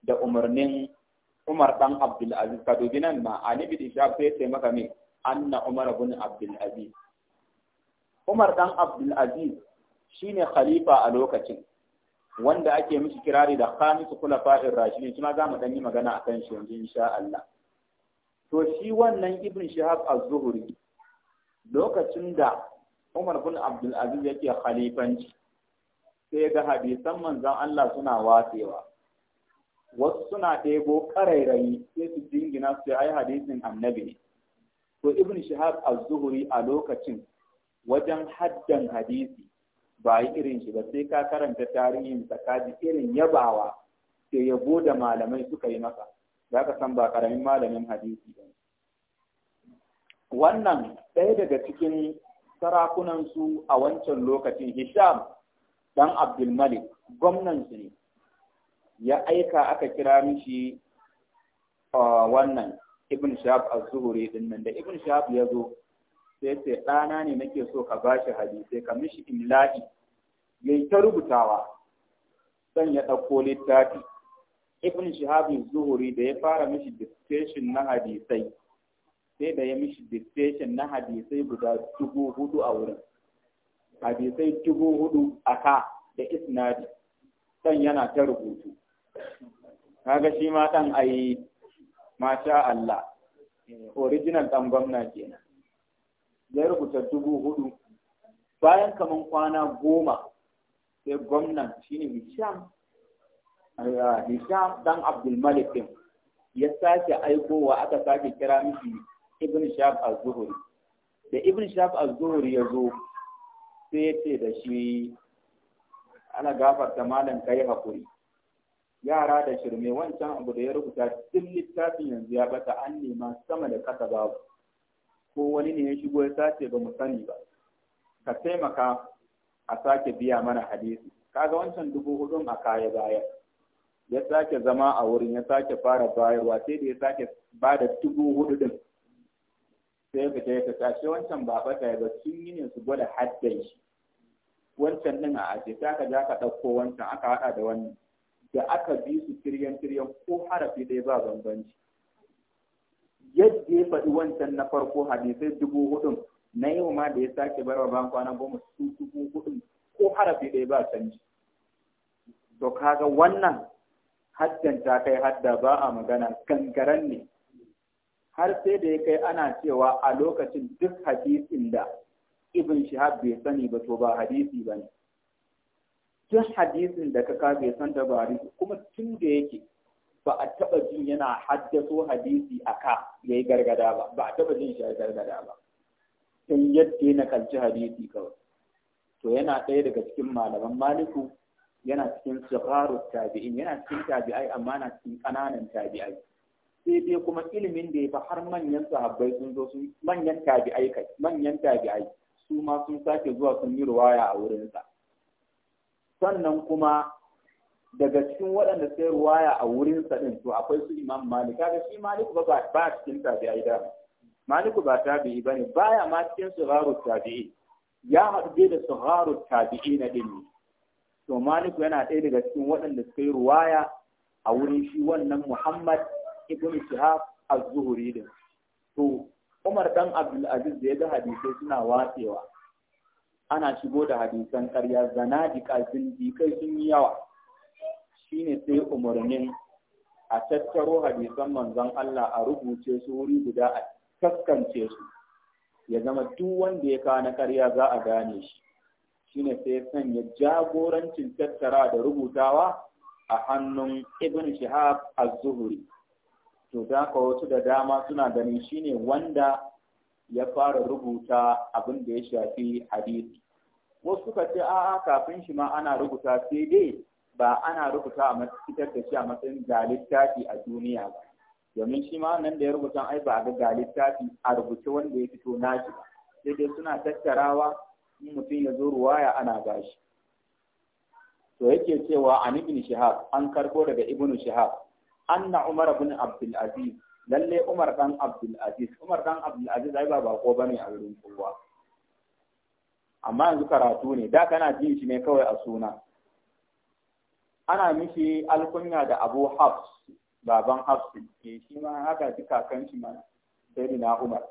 da umarnin Umar dan Abdulaziz, ka dubi nan ma Ali bin Ishaq sai ce maka me anna Umar bin Abdulaziz. Umar dan Abdulaziz shine khalifa a lokacin wanda ake mishi kirari da khamis khulafa'ir rashidin shi ma za mu yi magana akan shi yanzu insha Allah to shi wannan Ibn Shihab az-Zuhri lokacin da Umar bin Abdulaziz yake khalifanci sai ga hadisan manzon Allah suna watsewa wasu suna ɗebo ƙarairayi sai su jingina su yi hadisin annabi ne to ibn shihab az-zuhri a lokacin wajen haddan hadisi ba yi irin shi ba sai ka karanta tarihin sakaji irin yabawa sai yabo da malamai suka yi masa za ka san ba karamin malamin hadisi ba wannan ɗaya daga cikin sarakunansu a wancan lokacin hisham dan abdulmalik gwamnan su ne ya aika aka kira mishi wannan ibn shahab az-zuhri din da ibn Shab ya zo sai ce ɗana ne nake so ka bashi hadisai ka mishi imla'i yayi ta rubutawa dan ya dauko littafi ibn shahab az-zuhri da ya fara mishi dictation na hadisai sai da ya mishi dictation na hadisai guda dubu hudu a wurin hadisai dubu hudu a da isnadi dan yana ta rubutu kaga shi ma ɗan ai masha Allah eh, original ɗan gwamna kenan ya rubuta dubu hudu bayan kaman kwana goma sai gwamnan shine Hisham eh, Hisham dan Abdul Malik din ya sake aikowa aka sake kira mishi Ibn Shaf az-Zuhri da Ibn Shaf az-Zuhri ya zo sai ya ce da shi ana gafarta malam kai hakuri yara da shirme wancan abu da ya rubuta cikin littafin yanzu ya bata an nema sama da kasa babu ko wani ne ya shigo ya sace ba mu sani ba ka taimaka a sake biya mana hadisi kaga wancan dubu hudun a kaya baya ya sake zama a wurin ya sake fara bayarwa sai da ya sake ba da dubu hudu din sai ya fita ya fita shi wancan ba bata ya ba sun yi ne su gwada haddan shi wancan din a ajiye ta ka ja ka ɗauko wancan aka haɗa da wannan da aka bi su tiryan-tiryan ko harafi ɗaya ba bambanci. Yadda ya faɗi wancan na farko hadisai dubu hudun na yau ma da ya sake barwa ban kwana goma su dubu hudun ko harafi ɗaya ba canji. To kaga wannan haddan ta kai hadda ba a magana gangaren ne. Har sai da ya kai ana cewa a lokacin duk hadisin da Ibn Shihab bai sani ba to ba hadisi ba ne. tun hadisin da ka kafe san dabari kuma tun da yake ba a taba jin yana haddaso hadisi a ka ya yi gargada ba ba a taba jin shi ya gargada ba tun yadda na kalci hadisi kawai to yana ɗaya daga cikin malaman maliku yana cikin sigaru tabi'in yana cikin tabi'ai amma na cikin ƙananan tabi'ai sai dai kuma ilimin da ya fi har manyan sahabbai sun zo su manyan tabi'ai kai manyan tabi'ai su ma sun sake zuwa sun yi ruwaya a wurinsa sannan kuma daga cikin waɗanda sai ruwaya a wurin sa to akwai su Imam Malik kaga shi Malik ba ba cikin tabi'i da maliku ba tabi'i bane baya ma cikin sugharu tabi'i ya haɗu da sugharu tabi'i na din to maliku yana ɗaya daga cikin waɗanda sai ruwaya a wurin shi wannan Muhammad ibn Shihab az-Zuhri din to Umar dan Abdul Aziz da ya ga hadisai suna watsewa ana shigo da hadisan ƙarya zanadika kai sun yi yawa Shi ne sai umarnin a tattaro hadisan manzon Allah a rubuce su wuri guda a kaskance su ya zama duk wanda ya kawo na ƙarya za a gane shi Shi ne sai sanya jagorancin tattara da rubutawa a hannun ibn shihab az-zuhri to da wasu da dama suna ganin shine wanda ya fara rubuta abin da ya shafi hadisi wasu suka ce a'a kafin shi ma ana rubuta sai dai ba ana rubuta a fitar da shi a matsayin ga littafi a duniya ba domin shi ma nan da ya rubuta ai ba ga ga littafi a rubuta wanda ya fito nashi ba sai dai suna tattarawa in mutum ya zo ruwaya ana shi to yake cewa an ibn shihab an karbo daga ibn shihab anna umar ibn abdul aziz lalle Umar dan Abdul Aziz Umar dan Abdul Aziz ai ba bako bane a wurin kowa amma yanzu karatu ne da kana jin shi ne kawai a suna ana mishi alkunya da Abu Hafs baban Hafs ke eh, shi ma haka ji kakan shi ma sai na Umar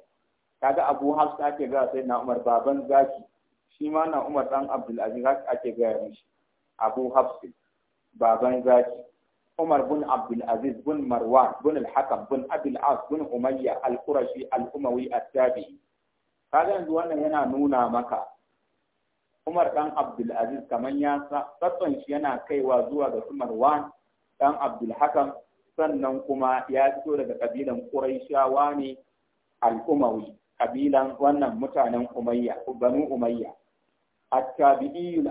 kaga Abu Hafs ake ga sai na Umar baban zaki shi ma na Umar dan Abdul Aziz ake ga mishi Abu Hafs baban zaki Umar bin Abdul Aziz bin Marwan bin Al-Hakam bin Abil bin Umayya Al-Qurashi Al-Umawi At-Tabi kaga yanzu wannan yana nuna maka Umar dan Abdul kamar kaman ya tsatson shi yana kaiwa zuwa ga Marwan dan Abdul sannan kuma ya fito daga kabilan Quraishawa ne Al-Umawi kabilan wannan mutanen Umayya Banu Umayya At-Tabi'i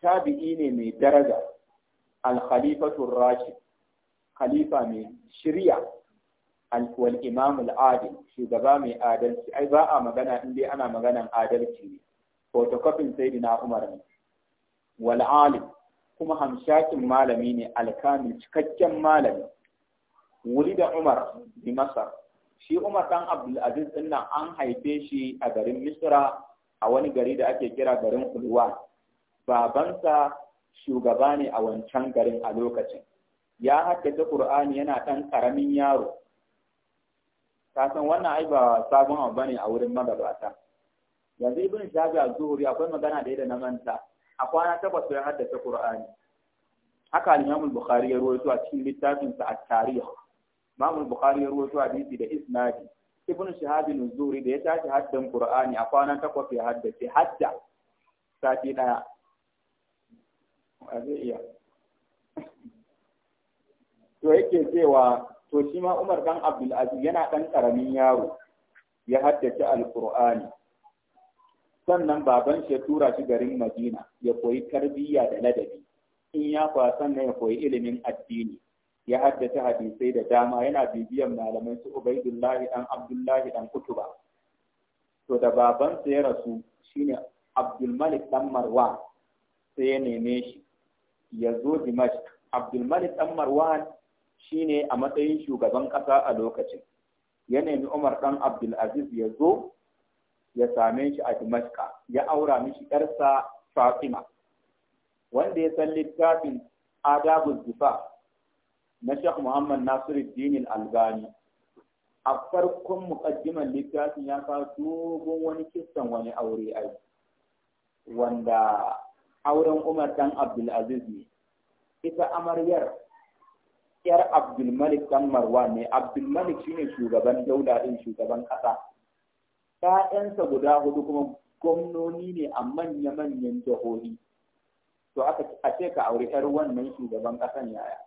tabi'i ne mai daraja al rashid khalifa mai shirya wal imam adil shugaba mai adalci ai ba a magana in dai ana maganan adalci ne photocopying sayyidina umar ne wal alim kuma hamshakin malami ne alkamil cikakken malami wuri da umar bi masar shi umar dan abdul aziz din nan an haife shi a garin misra a wani gari da ake kira garin hulwan babansa shugaba ne a wancan garin a lokacin ya haddace Qur'ani yana ɗan ƙaramin yaro kasan wannan ai ba sabon abu bane a wurin magabata yanzu ibn shafi az-zuhri akwai magana da yadda na manta a kwana takwas ya haddace Qur'ani haka al-Imam al-Bukhari ya rawaito a cikin littafin sa at-Tarikh Imam al-Bukhari ya rawaito hadisi da isnadi ibn shahab az-zuhri da ya tashi haddan Qur'ani a kwana takwas ya haddace hadda sati daya a zai iya to yake cewa to shi ma Umar dan Abdul Aziz yana dan karamin yaro ya haddace alqur'ani sannan baban shi ya tura shi garin Madina ya koyi tarbiyya da ladabi in ya fa sannan ya koyi ilimin addini ya haddace hadisai da dama yana bibiyan malaman su Ubaidullahi dan Abdullahi dan Kutuba to da baban sa ya rasu shine Abdul Malik dan Marwa sai ya neme shi ya zo Dimashq Abdulmalik dan Marwan ne a matsayin shugaban ƙasa a lokacin ya nemi Umar dan Abdulaziz ya zo ya same shi a Dimashq ya aura mishi ƴarsa Fatima wanda ya san littafin Adabul Zifa na Sheikh Muhammad Nasiruddin Al-Albani a farkon mukaddiman littafin ya kawo dogon wani kissan wani aure ai wanda auren Umar dan Aziz ne ita amaryar yar Abdulmalik dan Marwa ne Abdulmalik shine shugaban dauda din shugaban kasa ƴaƴansa guda hudu kuma gwamnoni ne a manya-manyan jihohi to aka a ce ka aure yar wannan shugaban kasan yaya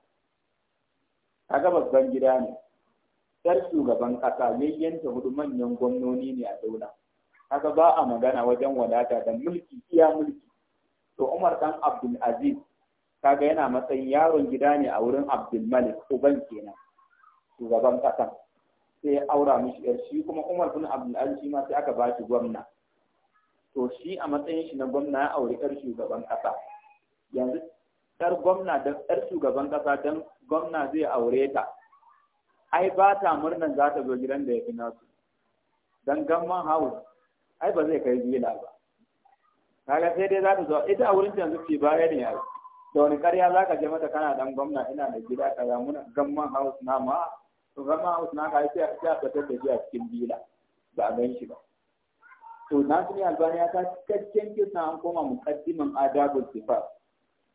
kaga babban gida ne yar shugaban kasa yayyanta hudu manyan gwamnoni ne a dauda. kaga ba a magana wajen wadata da mulki iya mulki to Umar dan Abdul Aziz kaga yana matsayin yaron gida ne a wurin Abdul Malik uban kenan shugaban kasa sai ya aura mishi yar shi kuma Umar bin Abdul Aziz shi ma sai aka ba shi gwamna to shi a matsayin shi na gwamna ya auri yar shugaban kasa yanzu yar gwamna da yar shugaban kasa dan gwamna zai aure ta ai ba ta murnan za ta zo gidan da ya fi nasu don gamman house ai ba zai kai zila ba kaga sai dai za ta zo ita a wurin yanzu ce baya ne yaro da wani ƙarya za ka je mata kana dan gwamna ina da gida kaza muna gamman house na ma to gamman house na ka sai a fitar da shi a cikin bila ba a gan shi ba to na Nasiru Albani ya ta cikakken kisa an koma mukaddimin adabul Sifar.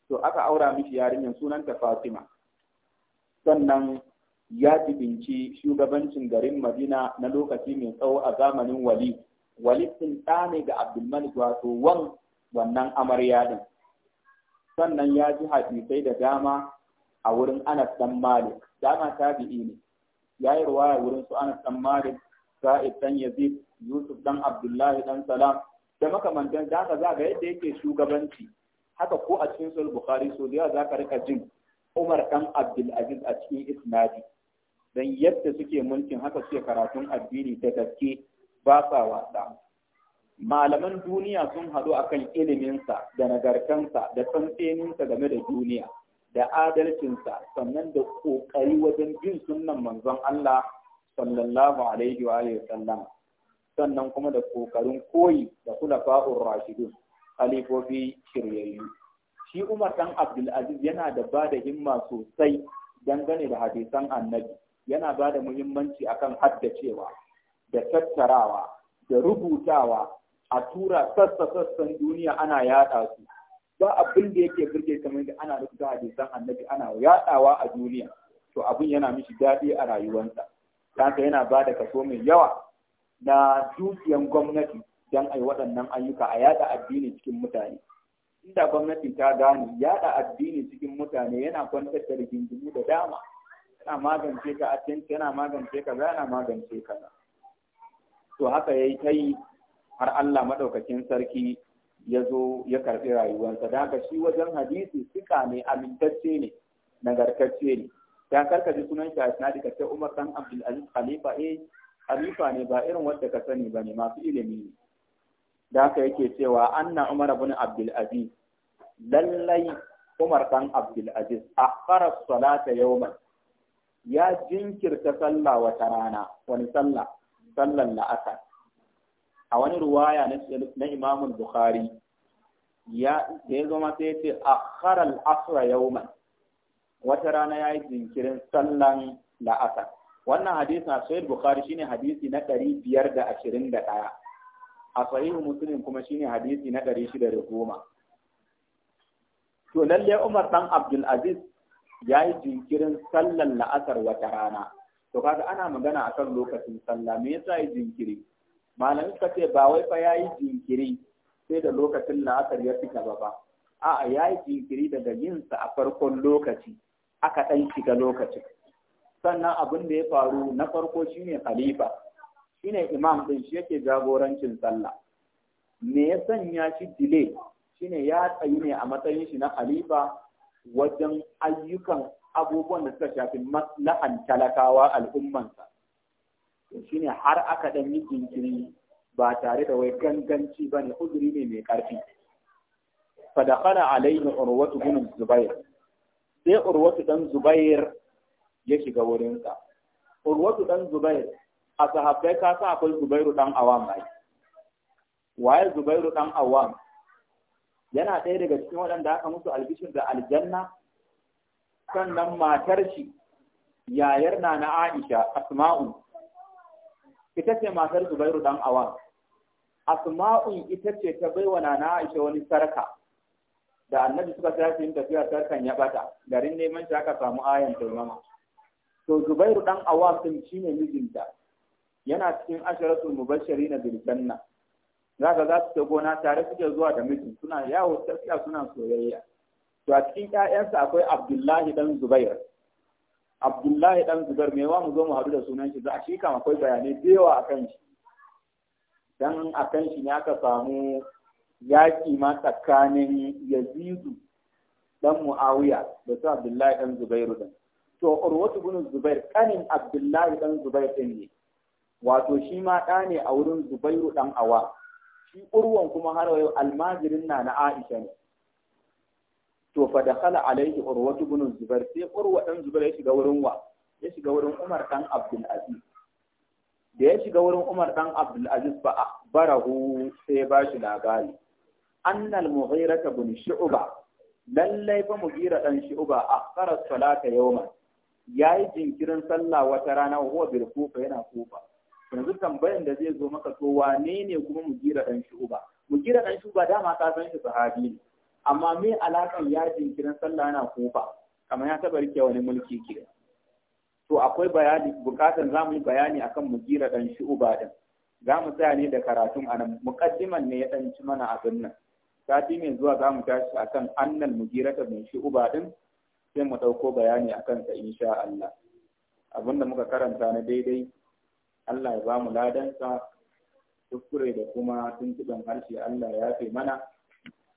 to aka aura mishi yarinyar sunanta Fatima sannan ya jibinci shugabancin garin Madina na lokaci mai tsawo a zamanin Wali walittin ɗa ne ga abdulmalik wato wan wannan amarya din sannan ya ji hadisai da dama a wurin anas dan malik dama tabi'i ne ya yi ruwaya wurin su anas dan malik sa'id dan yazid yusuf dan abdullahi dan salam da makamantan da haka za ga yadda yake shugabanci haka ko a cikin sul bukhari so da za ka rika jin umar dan abdul aziz a cikin isnadi dan yadda suke mulkin haka suke karatun addini ta gaske ba sa wasa malaman duniya sun haɗu akan iliminsa da nagartansa da tsantseninsa game da duniya da adalcinsa sannan da ƙoƙari wajen bin sunnan manzon Allah sallallahu alaihi wa sallam sannan kuma da ƙoƙarin koyi da kulafa'ur rashidun khalifofi shiryayyu shi Umar dan Abdul Aziz yana da ba da himma sosai dangane da hadisan Annabi yana ba da muhimmanci akan haddacewa da tattarawa da rubutawa a tura sassa-sassan duniya ana yaɗa su ba abin da yake birge kamar da ana rubuta hadisan annabi ana yaɗawa a duniya to abin yana mishi daɗi a rayuwarsa haka yana ba da kaso mai yawa na dukiyan gwamnati don a yi waɗannan ayyuka a yaɗa addini cikin mutane inda gwamnati ta gane yaɗa addini cikin mutane yana kwantar da rigingimu da dama yana magance ka a yana magance ka yana magance ka to haka ya yi ta har Allah maɗaukacin sarki ya zo ya karɓi rayuwarsa da haka shi wajen hadisi suka ne amintacce ne nagartacce ne ta karka ji sunan shi a sinadi ka ce Umar dan Abdulaziz Khalifa eh Khalifa ne ba irin wanda ka sani ba ne masu ilimi ne da haka yake cewa anna Umar ibn Abdulaziz lallai Umar dan Abdulaziz akhara salata yawman ya jinkirta sallah wata rana wani sallah sallan la'asar a wani ruwaya na imamun bukhari ya ya zama sai ce a al-asra yauman wata rana ya yi jinkirin sallan la'asar wannan hadisin a sahih bukhari shine hadisi na 521 a sahih muslim kuma shine hadisi na 610 to lalle Umar dan Abdul Aziz ya yi jinkirin sallan la'asar wata rana to kaga ana magana akan lokacin sallah me yasa yi jinkiri malamin suka ce ba wai fa yayi jinkiri sai da lokacin la'asar ya fita ba ba a'a yayi jinkiri daga yin sa a farkon lokaci aka dan shiga lokacin sannan abin da ya faru na farko shine khalifa shine imam din shi yake jagorancin sallah me ya sanya shi delay shine ya tsayi ne a matsayin shi na khalifa wajen ayyukan abubuwan da suka shafi maslahan talakawa al'ummansa shi ne har aka dan yi jinkiri ba tare da wai ganganci ba ne uzuri ne mai ƙarfi fadakala alayhi urwatu bin zubair sai urwatu dan zubair ya shiga wurinsa urwatu dan zubair a sahabbai ka sa akwai zubairu dan awam ai waye zubairu dan awam yana ɗaya daga cikin waɗanda aka musu albishir da aljanna sannan matar shi yayar na na Aisha Asma'u ita ce matar Zubairu dan Awan Asma'u ita ce ta bai wa nana Aisha wani sarka da annabi suka tashi inda tafiya sarkan ya bata garin neman shi aka samu ayan taimama to Zubairu dan Awan din shine mijinta yana cikin asharatul mubashirin bil janna zaka za su ta gona tare suke zuwa da mijin suna yawo tafiya suna soyayya to a cikin ƴaƴansa akwai Abdullahi dan Zubair Abdullahi dan Zubair me wa mu zo mu haɗu da sunan shi za a shika akwai bayanai da yawa kan shi dan kan shi ne aka samu yaƙi ma tsakanin Yazidu dan Muawiya da su Abdullahi dan Zubairu din to Urwatu bin Zubair kanin Abdullahi dan Zubair din ne wato shi ma ɗa ne a wurin Zubairu ɗan Awa shi Urwan kuma har yau almajirin na na Aisha ne to fa da kala alayhi urwatu ibn zubair sai urwa dan zubair ya shiga wurin wa ya shiga wurin umar dan abdul aziz da ya shiga wurin umar dan abdul aziz fa akhbarahu sai ba shi labari annal mughira ibn shu'ba lallai fa mughira dan shu'ba akhara salata yawman yayi jinkirin sallah wata rana wa huwa bil kufa yana kufa yanzu tambayan da zai zo maka to wane ne kuma mugira dan shu'ba mugira dan shu'ba dama ka san shi sahabi ne amma me alaƙar ya jinkirin sallah yana kufa kamar ya taɓa rike wani mulki ke to akwai bayani bukatan za mu yi bayani akan mugira dan uba din za mu tsaya ne da karatun anan muqaddiman ne ya dan ci mana abin nan sati mai zuwa za mu tashi akan annal mugira ta shi uba din sai mu ɗauko bayani akan sa insha Allah abinda muka karanta na daidai Allah ya ba mu ladansa kuskure da kuma tuntuɓen harshe Allah ya fi mana